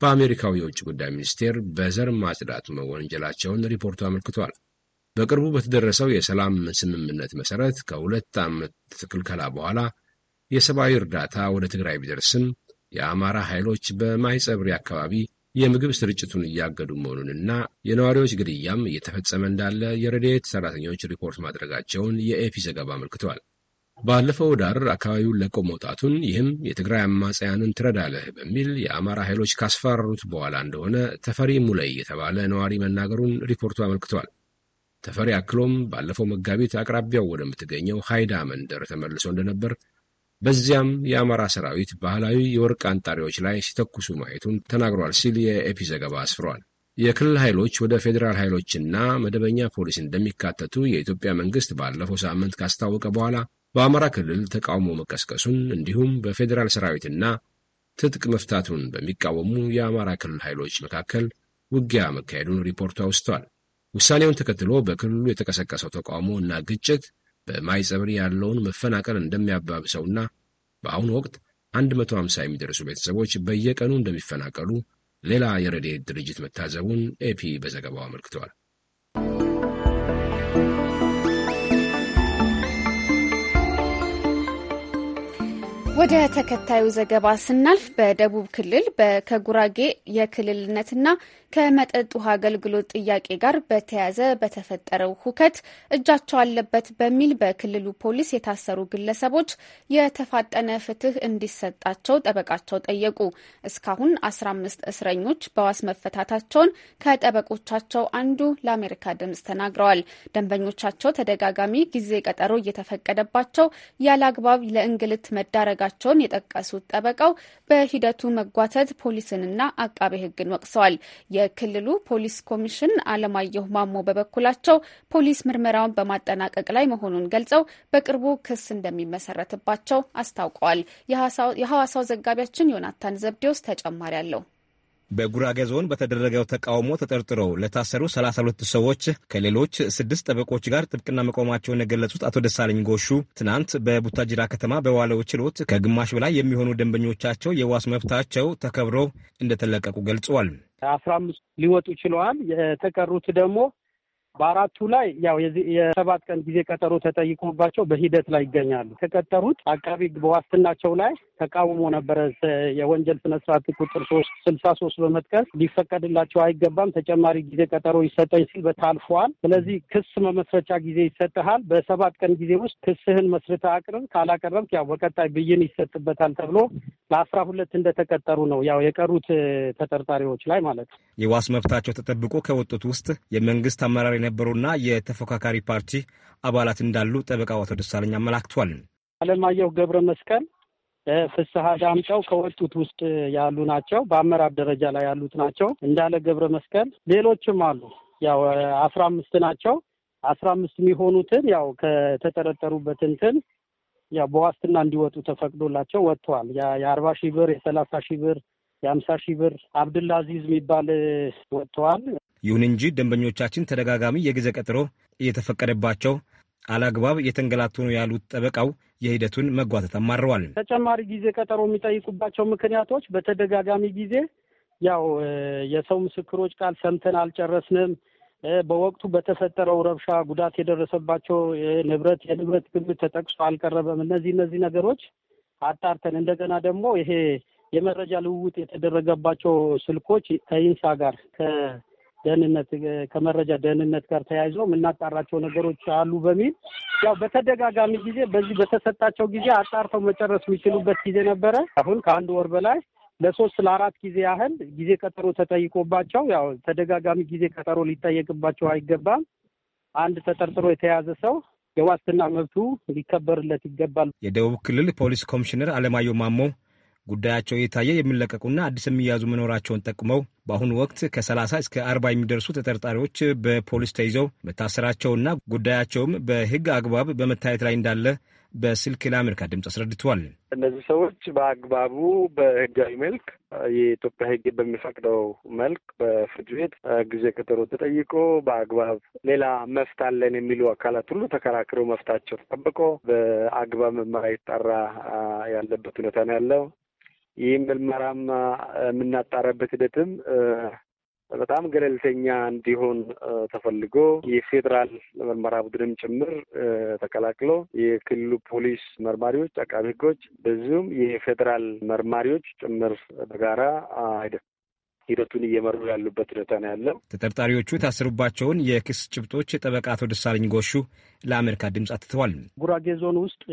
[SPEAKER 5] በአሜሪካው የውጭ ጉዳይ ሚኒስቴር በዘር ማጽዳት መወንጀላቸውን ሪፖርቱ አመልክቷል። በቅርቡ በተደረሰው የሰላም ስምምነት መሠረት ከሁለት ዓመት ክልከላ በኋላ የሰብአዊ እርዳታ ወደ ትግራይ ቢደርስም የአማራ ኃይሎች በማይጸብሪ አካባቢ የምግብ ስርጭቱን እያገዱ መሆኑንና የነዋሪዎች ግድያም እየተፈጸመ እንዳለ የረድኤት ሠራተኞች ሪፖርት ማድረጋቸውን የኤፒ ዘገባ አመልክቷል። ባለፈው ዳር አካባቢውን ለቀው መውጣቱን ይህም የትግራይ አማጽያንን ትረዳለህ በሚል የአማራ ኃይሎች ካስፈራሩት በኋላ እንደሆነ ተፈሪ ሙለይ የተባለ ነዋሪ መናገሩን ሪፖርቱ አመልክቷል። ተፈሪ አክሎም ባለፈው መጋቢት አቅራቢያው ወደምትገኘው ሃይዳ መንደር ተመልሶ እንደነበር፣ በዚያም የአማራ ሰራዊት ባህላዊ የወርቅ አንጣሪዎች ላይ ሲተኩሱ ማየቱን ተናግሯል ሲል የኤፒ ዘገባ አስፍሯል። የክልል ኃይሎች ወደ ፌዴራል ኃይሎችና መደበኛ ፖሊስ እንደሚካተቱ የኢትዮጵያ መንግስት ባለፈው ሳምንት ካስታወቀ በኋላ በአማራ ክልል ተቃውሞ መቀስቀሱን እንዲሁም በፌዴራል ሰራዊትና ትጥቅ መፍታቱን በሚቃወሙ የአማራ ክልል ኃይሎች መካከል ውጊያ መካሄዱን ሪፖርቱ አውስቷል። ውሳኔውን ተከትሎ በክልሉ የተቀሰቀሰው ተቃውሞ እና ግጭት በማይጸብሪ ያለውን መፈናቀል እንደሚያባብሰውና በአሁኑ ወቅት 150 የሚደርሱ ቤተሰቦች በየቀኑ እንደሚፈናቀሉ ሌላ የረድኤት ድርጅት መታዘቡን ኤፒ በዘገባው አመልክቷል።
[SPEAKER 1] ወደ ተከታዩ ዘገባ ስናልፍ በደቡብ ክልል ከጉራጌ የክልልነትና ከመጠጥ ውሃ አገልግሎት ጥያቄ ጋር በተያያዘ በተፈጠረው ሁከት እጃቸው አለበት በሚል በክልሉ ፖሊስ የታሰሩ ግለሰቦች የተፋጠነ ፍትህ እንዲሰጣቸው ጠበቃቸው ጠየቁ። እስካሁን 15 እስረኞች በዋስ መፈታታቸውን ከጠበቆቻቸው አንዱ ለአሜሪካ ድምጽ ተናግረዋል። ደንበኞቻቸው ተደጋጋሚ ጊዜ ቀጠሮ እየተፈቀደባቸው ያለ አግባብ ለእንግልት መዳረጋ መኖራቸውን የጠቀሱት ጠበቃው በሂደቱ መጓተት ፖሊስንና አቃቤ ሕግን ወቅሰዋል። የክልሉ ፖሊስ ኮሚሽን አለማየሁ ማሞ በበኩላቸው ፖሊስ ምርመራውን በማጠናቀቅ ላይ መሆኑን ገልጸው በቅርቡ ክስ እንደሚመሰረትባቸው አስታውቀዋል። የሐዋሳው ዘጋቢያችን ዮናታን ዘብዴዎስ ተጨማሪ አለው።
[SPEAKER 9] በጉራጌ ዞን በተደረገው ተቃውሞ ተጠርጥረው ለታሰሩ 32 ሰዎች ከሌሎች ስድስት ጠበቆች ጋር ጥብቅና መቆማቸውን የገለጹት አቶ ደሳለኝ ጎሹ ትናንት በቡታጅራ ከተማ በዋለው ችሎት ከግማሽ በላይ የሚሆኑ ደንበኞቻቸው የዋስ መብታቸው ተከብረው እንደተለቀቁ ገልጸዋል።
[SPEAKER 8] አስራ አምስት ሊወጡ ችለዋል። የተቀሩት ደግሞ በአራቱ ላይ ያው የሰባት ቀን ጊዜ ቀጠሮ ተጠይቆባቸው በሂደት ላይ ይገኛሉ። ከቀጠሩት አቃቢ በዋስትናቸው ላይ ተቃውሞ ነበረ። የወንጀል ስነስርዓት ቁጥር ሶስት ስልሳ ሶስት በመጥቀስ ሊፈቀድላቸው አይገባም፣ ተጨማሪ ጊዜ ቀጠሮ ይሰጠኝ ሲል በታልፏል። ስለዚህ ክስ መመስረቻ ጊዜ ይሰጥሃል፣ በሰባት ቀን ጊዜ ውስጥ ክስህን መስርተ አቅርብ፣ ካላቀረብክ ያው በቀጣይ ብይን ይሰጥበታል ተብሎ ለአስራ ሁለት እንደተቀጠሩ ነው ያው የቀሩት ተጠርጣሪዎች ላይ ማለት ነው።
[SPEAKER 9] የዋስ መብታቸው ተጠብቆ ከወጡት ውስጥ የመንግስት አመራር የነበሩና የተፎካካሪ ፓርቲ አባላት እንዳሉ ጠበቃው አቶ ደሳለኝ አመላክቷል።
[SPEAKER 8] አለማየሁ ገብረ መስቀል፣ ፍስሀ ዳምጠው ከወጡት ውስጥ ያሉ ናቸው። በአመራር ደረጃ ላይ ያሉት ናቸው። እንዳለ ገብረ መስቀል፣ ሌሎችም አሉ። ያው አስራ አምስት ናቸው። አስራ አምስት የሚሆኑትን ያው ከተጠረጠሩበት እንትን ያው በዋስትና እንዲወጡ ተፈቅዶላቸው ወጥተዋል። የአርባ ሺህ ብር የሰላሳ ሺህ ብር የአምሳ ሺህ ብር አብድላ አዚዝ የሚባል ወጥተዋል።
[SPEAKER 9] ይሁን እንጂ ደንበኞቻችን ተደጋጋሚ የጊዜ ቀጠሮ እየተፈቀደባቸው አላግባብ የተንገላቱ ነው ያሉት ጠበቃው የሂደቱን መጓተት አማረዋል።
[SPEAKER 8] ተጨማሪ ጊዜ ቀጠሮ የሚጠይቁባቸው ምክንያቶች በተደጋጋሚ ጊዜ ያው የሰው ምስክሮች ቃል ሰምተን አልጨረስንም፣ በወቅቱ በተፈጠረው ረብሻ ጉዳት የደረሰባቸው ንብረት የንብረት ግምት ተጠቅሶ አልቀረበም። እነዚህ እነዚህ ነገሮች አጣርተን እንደገና ደግሞ ይሄ የመረጃ ልውውጥ የተደረገባቸው ስልኮች ከኢንሳ ጋር ደህንነት ከመረጃ ደህንነት ጋር ተያይዞ የምናጣራቸው ነገሮች አሉ በሚል ያው በተደጋጋሚ ጊዜ በዚህ በተሰጣቸው ጊዜ አጣርተው መጨረስ የሚችሉበት ጊዜ ነበረ። አሁን ከአንድ ወር በላይ ለሶስት ለአራት ጊዜ ያህል ጊዜ ቀጠሮ ተጠይቆባቸው ያው ተደጋጋሚ ጊዜ ቀጠሮ ሊጠየቅባቸው አይገባም። አንድ ተጠርጥሮ የተያዘ ሰው
[SPEAKER 9] የዋስትና መብቱ ሊከበርለት ይገባል። የደቡብ ክልል ፖሊስ ኮሚሽነር አለማየሁ ማሞ ጉዳያቸው እየታየ የሚለቀቁና አዲስ የሚያዙ መኖራቸውን ጠቁመው በአሁኑ ወቅት ከ30 እስከ 40 የሚደርሱ ተጠርጣሪዎች በፖሊስ ተይዘው መታሰራቸውና ጉዳያቸውም በሕግ አግባብ በመታየት ላይ እንዳለ በስልክ ለአሜሪካ ድምፅ አስረድተዋል።
[SPEAKER 10] እነዚህ ሰዎች በአግባቡ በህጋዊ መልክ የኢትዮጵያ
[SPEAKER 8] ህግ በሚፈቅደው መልክ በፍርድ ቤት ጊዜ ቀጠሮ ተጠይቆ በአግባብ ሌላ መፍት አለን የሚሉ አካላት ሁሉ ተከራክረው መፍታቸው ተጠብቆ በአግባብ መመራ ይጠራ ያለበት ሁኔታ ነው ያለው። ይህ ምርመራም የምናጣራበት ሂደትም በጣም ገለልተኛ እንዲሆን ተፈልጎ የፌዴራል ምርመራ ቡድንም ጭምር ተቀላቅሎ የክልሉ ፖሊስ መርማሪዎች፣ አቃቢ ሕጎች በዚሁም የፌዴራል መርማሪዎች ጭምር በጋራ ሂደት ሂደቱን እየመሩ ያሉበት ሁኔታ ነው ያለው።
[SPEAKER 9] ተጠርጣሪዎቹ የታሰሩባቸውን የክስ ጭብጦች ጠበቃ አቶ ደሳለኝ ጎሹ ለአሜሪካ ድምፅ አትተዋል።
[SPEAKER 8] ጉራጌ ዞን ውስጥ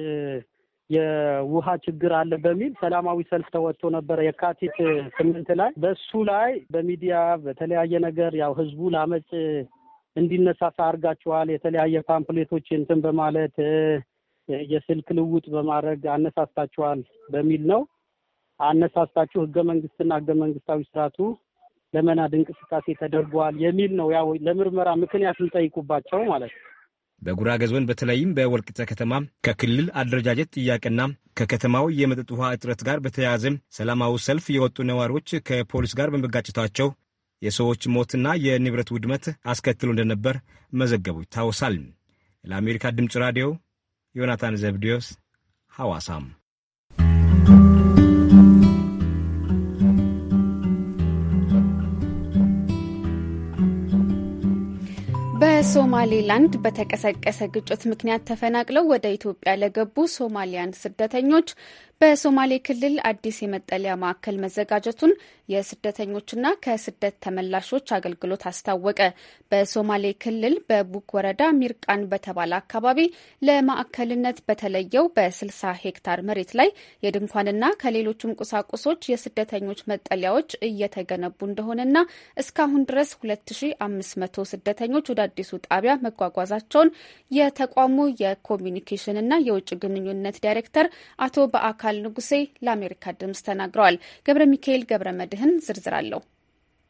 [SPEAKER 8] የውሃ ችግር አለ በሚል ሰላማዊ ሰልፍ ተወጥቶ ነበረ የካቲት ስምንት ላይ። በሱ ላይ በሚዲያ በተለያየ ነገር ያው ህዝቡ ለአመፅ እንዲነሳሳ አድርጋችኋል። የተለያየ ፓምፕሌቶች እንትን በማለት የስልክ ልውጥ በማድረግ አነሳስታችኋል በሚል ነው አነሳስታችሁ ህገ መንግስትና ህገ መንግስታዊ ስርዓቱ ለመናድ እንቅስቃሴ ተደርጓል የሚል ነው። ያው ለምርመራ ምክንያት እንጠይቁባቸው ማለት ነው።
[SPEAKER 9] በጉራጌ ዞን በተለይም በወልቂጤ ከተማ ከክልል አደረጃጀት ጥያቄና ከከተማው የመጠጥ ውሃ እጥረት ጋር በተያያዘ ሰላማዊ ሰልፍ የወጡ ነዋሪዎች ከፖሊስ ጋር በመጋጨታቸው የሰዎች ሞትና የንብረት ውድመት አስከትሎ እንደነበር መዘገቡ ይታወሳል። ለአሜሪካ ድምፅ ራዲዮ ዮናታን ዘብዲዮስ ሐዋሳም
[SPEAKER 1] ከሶማሌላንድ በተቀሰቀሰ ግጭት ምክንያት ተፈናቅለው ወደ ኢትዮጵያ ለገቡ ሶማሊያን ስደተኞች በሶማሌ ክልል አዲስ የመጠለያ ማዕከል መዘጋጀቱን የስደተኞችና ከስደት ተመላሾች አገልግሎት አስታወቀ። በሶማሌ ክልል በቡክ ወረዳ ሚርቃን በተባለ አካባቢ ለማዕከልነት በተለየው በ60 ሄክታር መሬት ላይ የድንኳንና ከሌሎችም ቁሳቁሶች የስደተኞች መጠለያዎች እየተገነቡ እንደሆነና እስካሁን ድረስ 2500 ስደተኞች ወደ አዲሱ ጣቢያ መጓጓዛቸውን የተቋሙ የኮሚኒኬሽንና የውጭ ግንኙነት ዳይሬክተር አቶ በአካ አካል ንጉሴ ለአሜሪካ ድምፅ ተናግረዋል። ገብረ ሚካኤል ገብረ መድህን ዝርዝር አለው።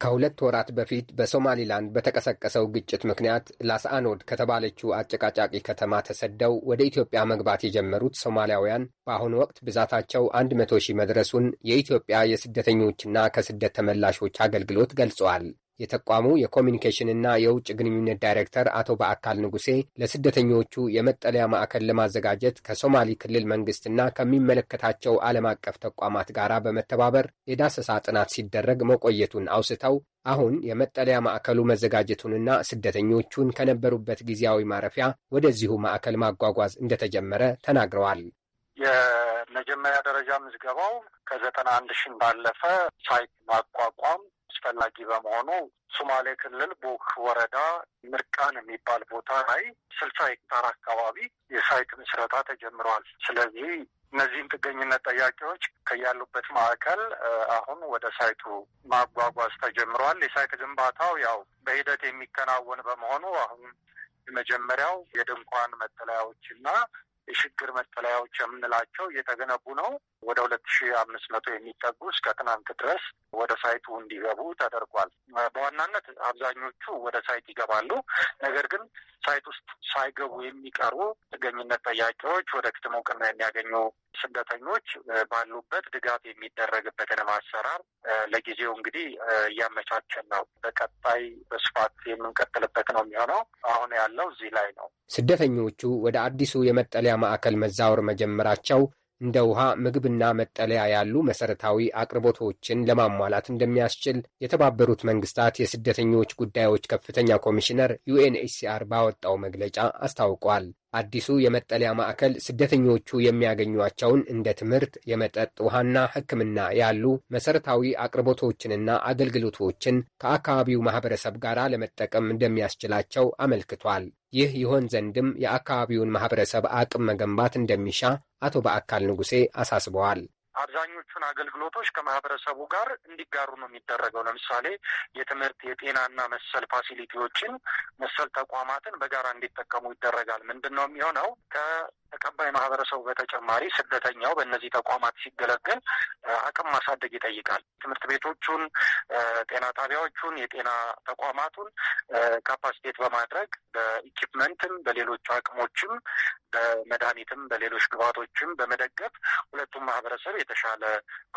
[SPEAKER 11] ከሁለት ወራት በፊት በሶማሊላንድ በተቀሰቀሰው ግጭት ምክንያት ላስአኖድ ከተባለችው አጨቃጫቂ ከተማ ተሰደው ወደ ኢትዮጵያ መግባት የጀመሩት ሶማሊያውያን በአሁኑ ወቅት ብዛታቸው አንድ መቶ ሺህ መድረሱን የኢትዮጵያ የስደተኞችና ከስደት ተመላሾች አገልግሎት ገልጸዋል። የተቋሙ የኮሚኒኬሽንና የውጭ ግንኙነት ዳይሬክተር አቶ በአካል ንጉሴ ለስደተኞቹ የመጠለያ ማዕከል ለማዘጋጀት ከሶማሌ ክልል መንግስትና ከሚመለከታቸው ዓለም አቀፍ ተቋማት ጋር በመተባበር የዳሰሳ ጥናት ሲደረግ መቆየቱን አውስተው አሁን የመጠለያ ማዕከሉ መዘጋጀቱንና ስደተኞቹን ከነበሩበት ጊዜያዊ ማረፊያ ወደዚሁ ማዕከል ማጓጓዝ እንደተጀመረ ተናግረዋል።
[SPEAKER 10] የመጀመሪያ ደረጃ ምዝገባው ከዘጠና አንድ ሽን ባለፈ ሳይት ማቋቋም አስፈላጊ በመሆኑ ሶማሌ ክልል ቦክ ወረዳ ምርቃን የሚባል ቦታ ላይ ስልሳ ሄክታር አካባቢ የሳይት ምስረታ ተጀምረዋል። ስለዚህ እነዚህን ጥገኝነት ጠያቂዎች ከያሉበት ማዕከል አሁን ወደ ሳይቱ ማጓጓዝ ተጀምረዋል። የሳይት ግንባታው ያው በሂደት የሚከናወን በመሆኑ አሁን የመጀመሪያው የድንኳን መጠለያዎች እና የሽግግር መጠለያዎች የምንላቸው እየተገነቡ ነው። ወደ ሁለት ሺ አምስት መቶ የሚጠጉ እስከ ትናንት ድረስ ወደ ሳይቱ እንዲገቡ ተደርጓል። በዋናነት አብዛኞቹ ወደ ሳይት ይገባሉ። ነገር ግን ሳይት ውስጥ ሳይገቡ የሚቀሩ ጥገኝነት ጠያቂዎች ወደፊትም እውቅና የሚያገኙ ስደተኞች ባሉበት ድጋፍ የሚደረግበትንም አሰራር ለጊዜው እንግዲህ እያመቻቸን ነው። በቀጣይ በስፋት የምንቀጥልበት ነው የሚሆነው። አሁን ያለው እዚህ
[SPEAKER 11] ላይ ነው። ስደተኞቹ ወደ አዲሱ የመጠለያ ማዕከል መዛወር መጀመራቸው እንደ ውሃ፣ ምግብና መጠለያ ያሉ መሠረታዊ አቅርቦቶችን ለማሟላት እንደሚያስችል የተባበሩት መንግስታት የስደተኞች ጉዳዮች ከፍተኛ ኮሚሽነር ዩኤንኤችሲአር ባወጣው መግለጫ አስታውቋል። አዲሱ የመጠለያ ማዕከል ስደተኞቹ የሚያገኟቸውን እንደ ትምህርት፣ የመጠጥ ውሃና ሕክምና ያሉ መሠረታዊ አቅርቦቶችንና አገልግሎቶችን ከአካባቢው ማህበረሰብ ጋር ለመጠቀም እንደሚያስችላቸው አመልክቷል። ይህ ይሆን ዘንድም የአካባቢውን ማኅበረሰብ አቅም መገንባት እንደሚሻ አቶ በአካል ንጉሴ አሳስበዋል። አብዛኞቹን አገልግሎቶች ከማህበረሰቡ ጋር እንዲጋሩ ነው
[SPEAKER 10] የሚደረገው። ለምሳሌ የትምህርት፣ የጤናና መሰል ፋሲሊቲዎችን መሰል ተቋማትን በጋራ እንዲጠቀሙ ይደረጋል። ምንድን ነው የሚሆነው ከተቀባይ ማህበረሰቡ በተጨማሪ ስደተኛው በእነዚህ ተቋማት ሲገለገል አቅም ማሳደግ ይጠይቃል። ትምህርት ቤቶቹን፣ ጤና ጣቢያዎቹን፣ የጤና ተቋማቱን ካፓሲቴት በማድረግ በኢኪፕመንትም፣ በሌሎች አቅሞችም፣ በመድኃኒትም፣ በሌሎች ግብዓቶችም በመደገፍ ሁለቱም ማህበረሰብ የተሻለ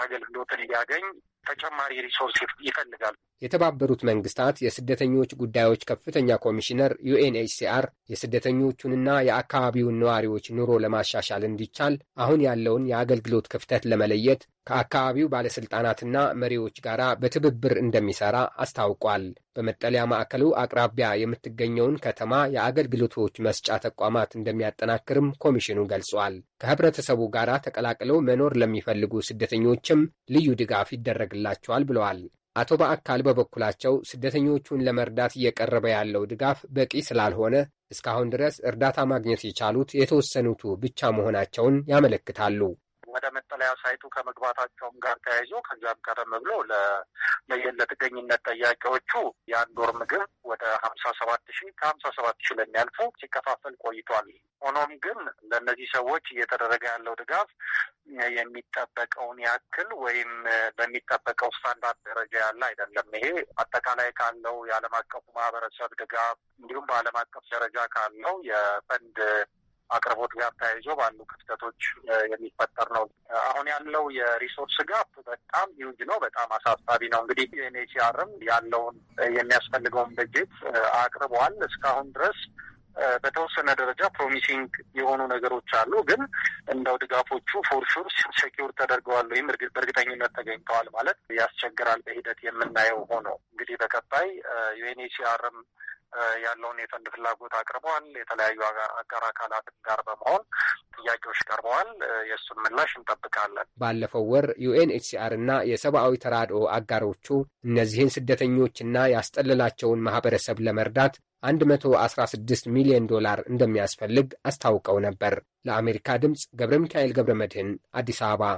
[SPEAKER 10] አገልግሎትን እንዲያገኝ ተጨማሪ ሪሶርስ ይፈልጋል።
[SPEAKER 11] የተባበሩት መንግስታት የስደተኞች ጉዳዮች ከፍተኛ ኮሚሽነር ዩኤንኤችሲአር የስደተኞቹንና የአካባቢውን ነዋሪዎች ኑሮ ለማሻሻል እንዲቻል አሁን ያለውን የአገልግሎት ክፍተት ለመለየት ከአካባቢው ባለሥልጣናትና መሪዎች ጋር በትብብር እንደሚሠራ አስታውቋል። በመጠለያ ማዕከሉ አቅራቢያ የምትገኘውን ከተማ የአገልግሎቶች መስጫ ተቋማት እንደሚያጠናክርም ኮሚሽኑ ገልጿል። ከህብረተሰቡ ጋር ተቀላቅለው መኖር ለሚፈልጉ ስደተኞችም ልዩ ድጋፍ ይደረጋል ይደረግላቸዋል ብለዋል። አቶ በአካል በበኩላቸው ስደተኞቹን ለመርዳት እየቀረበ ያለው ድጋፍ በቂ ስላልሆነ እስካሁን ድረስ እርዳታ ማግኘት የቻሉት የተወሰኑቱ ብቻ መሆናቸውን ያመለክታሉ። ወደ መጠለያ ሳይቱ ከመግባታቸውም ጋር ተያይዞ ከዚያም ቀደም ብሎ ለመየን
[SPEAKER 10] ለጥገኝነት ጠያቂዎቹ የአንድ ወር ምግብ ወደ ሀምሳ ሰባት ሺህ ከሀምሳ ሰባት ሺህ ለሚያልፉ ሲከፋፈል ቆይቷል። ሆኖም ግን ለእነዚህ ሰዎች እየተደረገ ያለው ድጋፍ የሚጠበቀውን ያክል ወይም በሚጠበቀው ስታንዳርድ ደረጃ ያለ አይደለም። ይሄ አጠቃላይ ካለው የዓለም አቀፉ ማህበረሰብ ድጋፍ እንዲሁም በዓለም አቀፍ ደረጃ ካለው የፈንድ አቅርቦት ጋር ተያይዞ ባሉ ክፍተቶች የሚፈጠር ነው። አሁን ያለው የሪሶርስ ጋፕ በጣም ዩጅ ነው፣ በጣም አሳሳቢ ነው። እንግዲህ ዩኤንኤችሲአርም ያለውን የሚያስፈልገውን በጀት አቅርቧል። እስካሁን ድረስ በተወሰነ ደረጃ ፕሮሚሲንግ የሆኑ ነገሮች አሉ። ግን እንደው ድጋፎቹ ፎርሹር ሴኪውር ተደርገዋል ወይም በእርግጠኝነት ተገኝተዋል ማለት ያስቸግራል። በሂደት የምናየው ሆኖ እንግዲህ በቀጣይ ዩኤንኤችሲአርም ያለውን የፈንድ ፍላጎት አቅርበዋል። የተለያዩ አጋር አካላት ጋር በመሆን ጥያቄዎች ቀርበዋል። የእሱን
[SPEAKER 11] ምላሽ እንጠብቃለን። ባለፈው ወር ዩኤንኤችሲአር እና የሰብአዊ ተራድኦ አጋሮቹ እነዚህን ስደተኞችና ያስጠለላቸውን ማህበረሰብ ለመርዳት 116 ሚሊዮን ዶላር እንደሚያስፈልግ አስታውቀው ነበር። ለአሜሪካ ድምፅ ገብረ ሚካኤል ገብረ መድህን አዲስ አበባ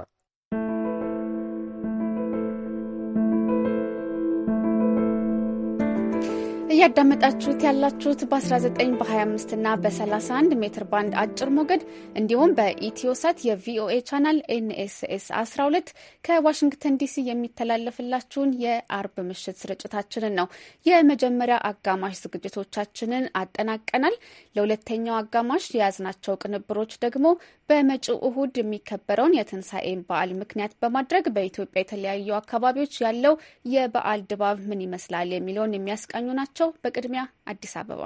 [SPEAKER 1] እያዳመጣችሁት ያላችሁት በ19 በ25 እና በ31 ሜትር ባንድ አጭር ሞገድ እንዲሁም በኢትዮሳት የቪኦኤ ቻናል ኤንኤስኤስ 12 ከዋሽንግተን ዲሲ የሚተላለፍላችሁን የአርብ ምሽት ስርጭታችንን ነው። የመጀመሪያ አጋማሽ ዝግጅቶቻችንን አጠናቀናል። ለሁለተኛው አጋማሽ የያዝናቸው ቅንብሮች ደግሞ በመጪው እሁድ የሚከበረውን የትንሣኤን በዓል ምክንያት በማድረግ በኢትዮጵያ የተለያዩ አካባቢዎች ያለው የበዓል ድባብ ምን ይመስላል የሚለውን የሚያስቃኙ ናቸው። በቅድሚያ አዲስ አበባ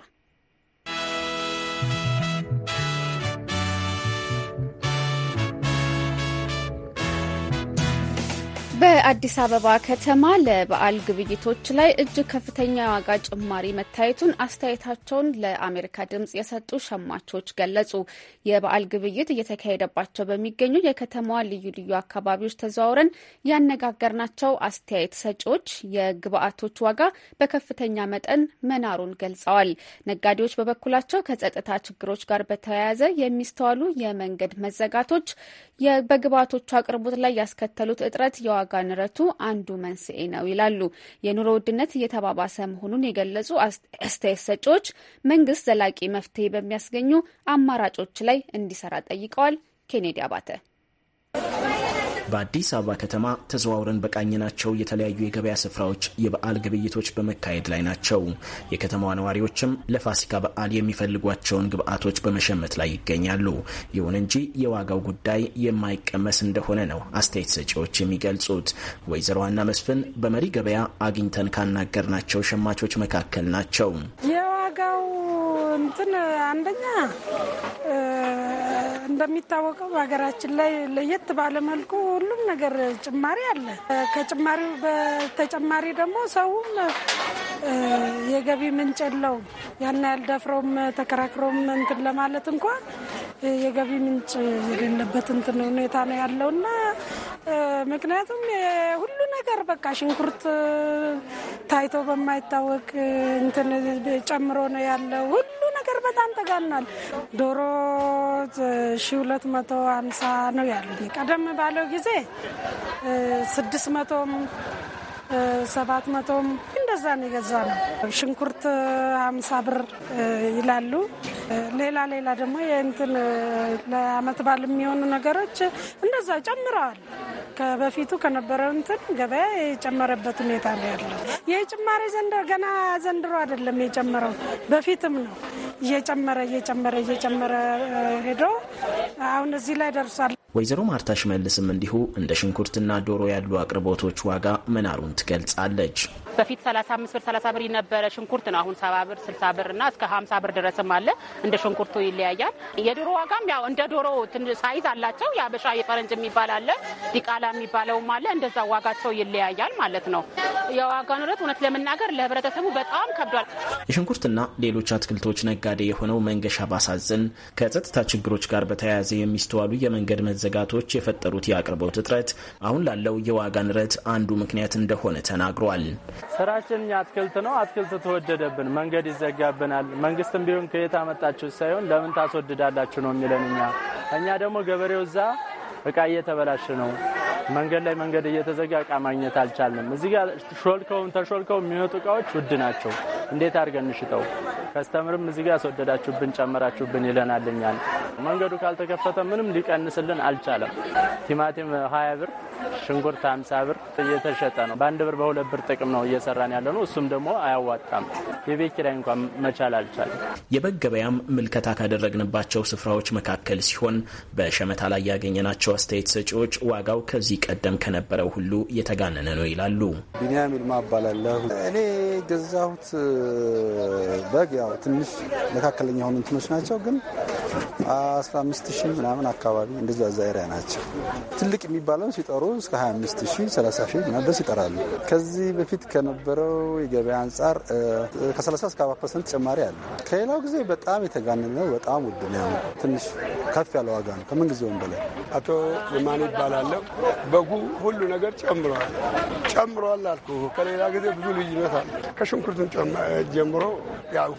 [SPEAKER 1] በአዲስ አበባ ከተማ ለበዓል ግብይቶች ላይ እጅግ ከፍተኛ የዋጋ ጭማሪ መታየቱን አስተያየታቸውን ለአሜሪካ ድምጽ የሰጡ ሸማቾች ገለጹ። የበዓል ግብይት እየተካሄደባቸው በሚገኙ የከተማዋ ልዩ ልዩ አካባቢዎች ተዘዋውረን ያነጋገርናቸው አስተያየት ሰጪዎች የግብአቶች ዋጋ በከፍተኛ መጠን መናሩን ገልጸዋል። ነጋዴዎች በበኩላቸው ከጸጥታ ችግሮች ጋር በተያያዘ የሚስተዋሉ የመንገድ መዘጋቶች በግብአቶቹ አቅርቦት ላይ ያስከተሉት እጥረት የዋ የዋጋ ንረቱ አንዱ መንስኤ ነው ይላሉ። የኑሮ ውድነት እየተባባሰ መሆኑን የገለጹ አስተያየት ሰጪዎች መንግስት ዘላቂ መፍትሄ በሚያስገኙ አማራጮች ላይ እንዲሰራ ጠይቀዋል። ኬኔዲ አባተ
[SPEAKER 12] በአዲስ አበባ ከተማ ተዘዋውረን በቃኝናቸው የተለያዩ የገበያ ስፍራዎች የበዓል ግብይቶች በመካሄድ ላይ ናቸው። የከተማዋ ነዋሪዎችም ለፋሲካ በዓል የሚፈልጓቸውን ግብዓቶች በመሸመት ላይ ይገኛሉ። ይሁን እንጂ የዋጋው ጉዳይ የማይቀመስ እንደሆነ ነው አስተያየት ሰጪዎች የሚገልጹት። ወይዘሮ ዋና መስፍን በመሪ ገበያ አግኝተን ካናገርናቸው ሸማቾች መካከል ናቸው።
[SPEAKER 13] የዋጋው እንትን አንደኛ እንደሚታወቀው በሀገራችን ላይ ለየት ባለመልኩ ሁሉም ነገር ጭማሪ አለ። ከጭማሪው በተጨማሪ ደግሞ ሰውም የገቢ ምንጭ የለውም። ያን ያህል ደፍረውም ተከራክረውም እንትን ለማለት እንኳን የገቢ ምንጭ የሌለበት እንትን ሁኔታ ነው እና ምክንያቱም ሁሉ ነገር በቃ ሽንኩርት ታይቶ በማይታወቅ እንትን ጨምሮ ነው ያለው። ሁሉ ነገር በጣም ተጋኗል። ዶሮ ሺ ሁለት መቶ ሀምሳ ነው ያሉኝ። ቀደም ባለው ጊዜ ጊዜ ስድስት መቶም ሰባት መቶም እንደዛ ነው የገዛ ነው። ሽንኩርት ሀምሳ ብር ይላሉ። ሌላ ሌላ ደግሞ የእንትን ለአመት በዓል የሚሆኑ ነገሮች እንደዛ ጨምረዋል። ከበፊቱ ከነበረው እንትን ገበያ የጨመረበት ሁኔታ ነው ያለው። ይህ ጭማሬ ዘንድሮ ገና ዘንድሮ አይደለም የጨመረው፣ በፊትም ነው እየጨመረ እየጨመረ እየጨመረ ሄዶ አሁን እዚህ ላይ ደርሷል።
[SPEAKER 12] ወይዘሮ ማርታ ሽመልስም እንዲሁ እንደ ሽንኩርትና ዶሮ ያሉ አቅርቦቶች ዋጋ መናሩን ትገልጻለች።
[SPEAKER 14] በፊት 35 ብር 30 ብር የነበረ ሽንኩርት ነው። አሁን 70 ብር 60 ብር እና እስከ 50 ብር ድረስም አለ። እንደ ሽንኩርቱ ይለያያል። የዶሮ ዋጋም ያው እንደ ዶሮ ሳይዝ አላቸው። የአበሻ የፈረንጅ የሚባል አለ፣ ዲቃላ የሚባለውም አለ። እንደዛ ዋጋቸው ይለያያል ማለት ነው። የዋጋ ንረት እውነት ለመናገር ለህብረተሰቡ በጣም ከብዷል።
[SPEAKER 12] የሽንኩርትና ሌሎች አትክልቶች ነጋዴ የሆነው መንገሻ ባሳዝን ከጸጥታ ችግሮች ጋር በተያያዘ የሚስተዋሉ የመንገድ መዘ መዘጋቶች የፈጠሩት የአቅርቦት እጥረት አሁን ላለው የዋጋ ንረት አንዱ ምክንያት እንደሆነ ተናግሯል።
[SPEAKER 15] ስራችን አትክልት ነው። አትክልት ተወደደብን፣ መንገድ ይዘጋብናል። መንግስትም ቢሆን ከየት አመጣችሁ ሳይሆን ለምን ታስወድዳላችሁ ነው የሚለን እኛ እኛ ደግሞ ገበሬው እዛ እቃ እየተበላሸ ነው። መንገድ ላይ መንገድ እየተዘጋ እቃ ማግኘት አልቻለም። እዚህ ጋር ሾልከው ተሾልከው የሚመጡ እቃዎች ውድ ናቸው። እንዴት አድርገን እንሽጠው? ከስተምርም እዚህ ጋር ያስወደዳችሁብን ጨመራችሁብን ይለናልኛል። መንገዱ ካልተከፈተ ምንም ሊቀንስልን አልቻለም። ቲማቲም ሀያ ብር፣ ሽንኩርት አምሳ ብር እየተሸጠ ነው። በአንድ ብር በሁለት ብር ጥቅም ነው እየሰራን ያለ ነው። እሱም ደግሞ አያዋጣም። የቤት ኪራይ እንኳን መቻል አልቻለም። የበግ
[SPEAKER 12] ገበያም ምልከታ ካደረግንባቸው ስፍራዎች መካከል ሲሆን በሸመታ ላይ ያገኘናቸው ያላቸው አስተያየት ሰጪዎች ዋጋው ከዚህ ቀደም ከነበረው ሁሉ የተጋነነ ነው ይላሉ።
[SPEAKER 15] ቢኒያም ይልማ እባላለሁ። እኔ ገዛሁት በግ ያው ትንሽ መካከለኛ የሆኑ እንትኖች ናቸው፣ ግን 15 ሺህ ምናምን አካባቢ እንደዛ ዛይሪያ ናቸው። ትልቅ የሚባለው ሲጠሩ እስከ 25 ሺህ 30 ሺህ ምናምን ድረስ ይጠራሉ። ከዚህ በፊት ከነበረው የገበያ አንጻር ከ30 እስከ 40 ፐርሰንት ጭማሪ አለ። ከሌላው ጊዜ በጣም የተጋነነ በጣም ውድ ነው። ትንሽ ከፍ ያለ ዋጋ ነው ከምን በላይ አቶ የማን ይባላለሁ። በጉ ሁሉ ነገር ጨምሯል ጨምሯል አልኩ። ከሌላ ጊዜ ብዙ ልዩነት አለ። ከሽንኩርትን ጀምሮ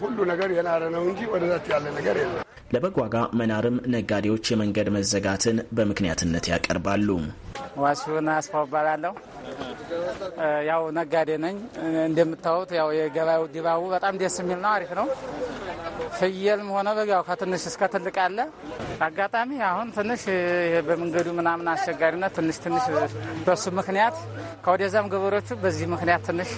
[SPEAKER 15] ሁሉ ነገር የናረ ነው እንጂ ወደዛች ያለ ነገር የለም።
[SPEAKER 12] ለበግ ዋጋ መናርም ነጋዴዎች የመንገድ መዘጋትን በምክንያትነት ያቀርባሉ።
[SPEAKER 8] ዋሲሁን አስፋው እባላለሁ። ያው ነጋዴ ነኝ። እንደምታዩት ያው የገበያው ድባቡ በጣም ደስ የሚል ነው። አሪፍ ነው። ፍየልም ሆነ በጋው ከትንሽ እስከ ትልቅ አለ። አጋጣሚ አሁን ትንሽ በመንገዱ ምናምን አስቸጋሪነት ትንሽ ትንሽ በሱ ምክንያት ከወደዛም ገበሬዎቹ በዚህ ምክንያት ትንሽ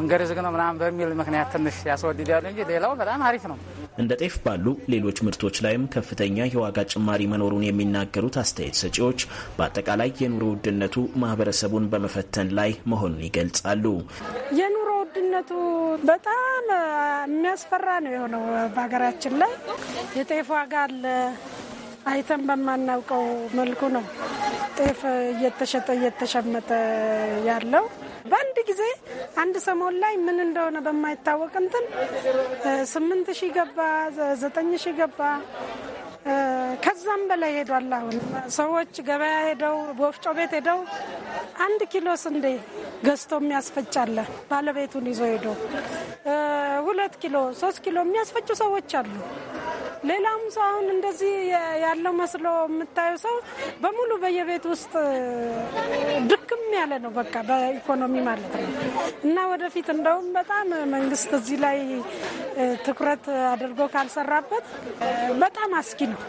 [SPEAKER 8] መንገድ ዝግ ነው ምናምን በሚል ምክንያት ትንሽ ያስወድዳሉ እንጂ ሌላው በጣም አሪፍ ነው።
[SPEAKER 12] እንደ ጤፍ ባሉ ሌሎች ምርቶች ላይም ከፍተኛ የዋጋ ጭማሪ መኖሩን የሚናገሩት አስተያየት ሰጪዎች በአጠቃላይ የኑሮ ውድነቱ ማህበረሰቡን በመፈተን ላይ መሆኑን ይገልጻሉ።
[SPEAKER 13] የኑሮ ውድነቱ በጣም የሚያስፈራ ነው የሆነው በሀገራችን ላይ የጤፍ ዋጋ አለ አይተን በማናውቀው መልኩ ነው ጤፍ እየተሸጠ እየተሸመጠ ያለው። በአንድ ጊዜ አንድ ሰሞን ላይ ምን እንደሆነ በማይታወቅ እንትን ስምንት ሺህ ገባ፣ ዘጠኝ ሺህ ገባ ከዛም በላይ ሄዷል። አሁን ሰዎች ገበያ ሄደው በወፍጮ ቤት ሄደው አንድ ኪሎ ስንዴ ገዝቶ የሚያስፈጫለ ባለቤቱን ይዞ ሄዶ ሁለት ኪሎ ሶስት ኪሎ የሚያስፈጩ ሰዎች አሉ። ሌላም ሰው አሁን እንደዚህ ያለው መስሎ የምታየው ሰው በሙሉ በየቤት ውስጥ ድክም ያለ ነው፣ በቃ በኢኮኖሚ ማለት ነው። እና ወደፊት እንደውም በጣም መንግስት እዚህ ላይ ትኩረት አድርጎ ካልሰራበት በጣም አስጊ ነው፣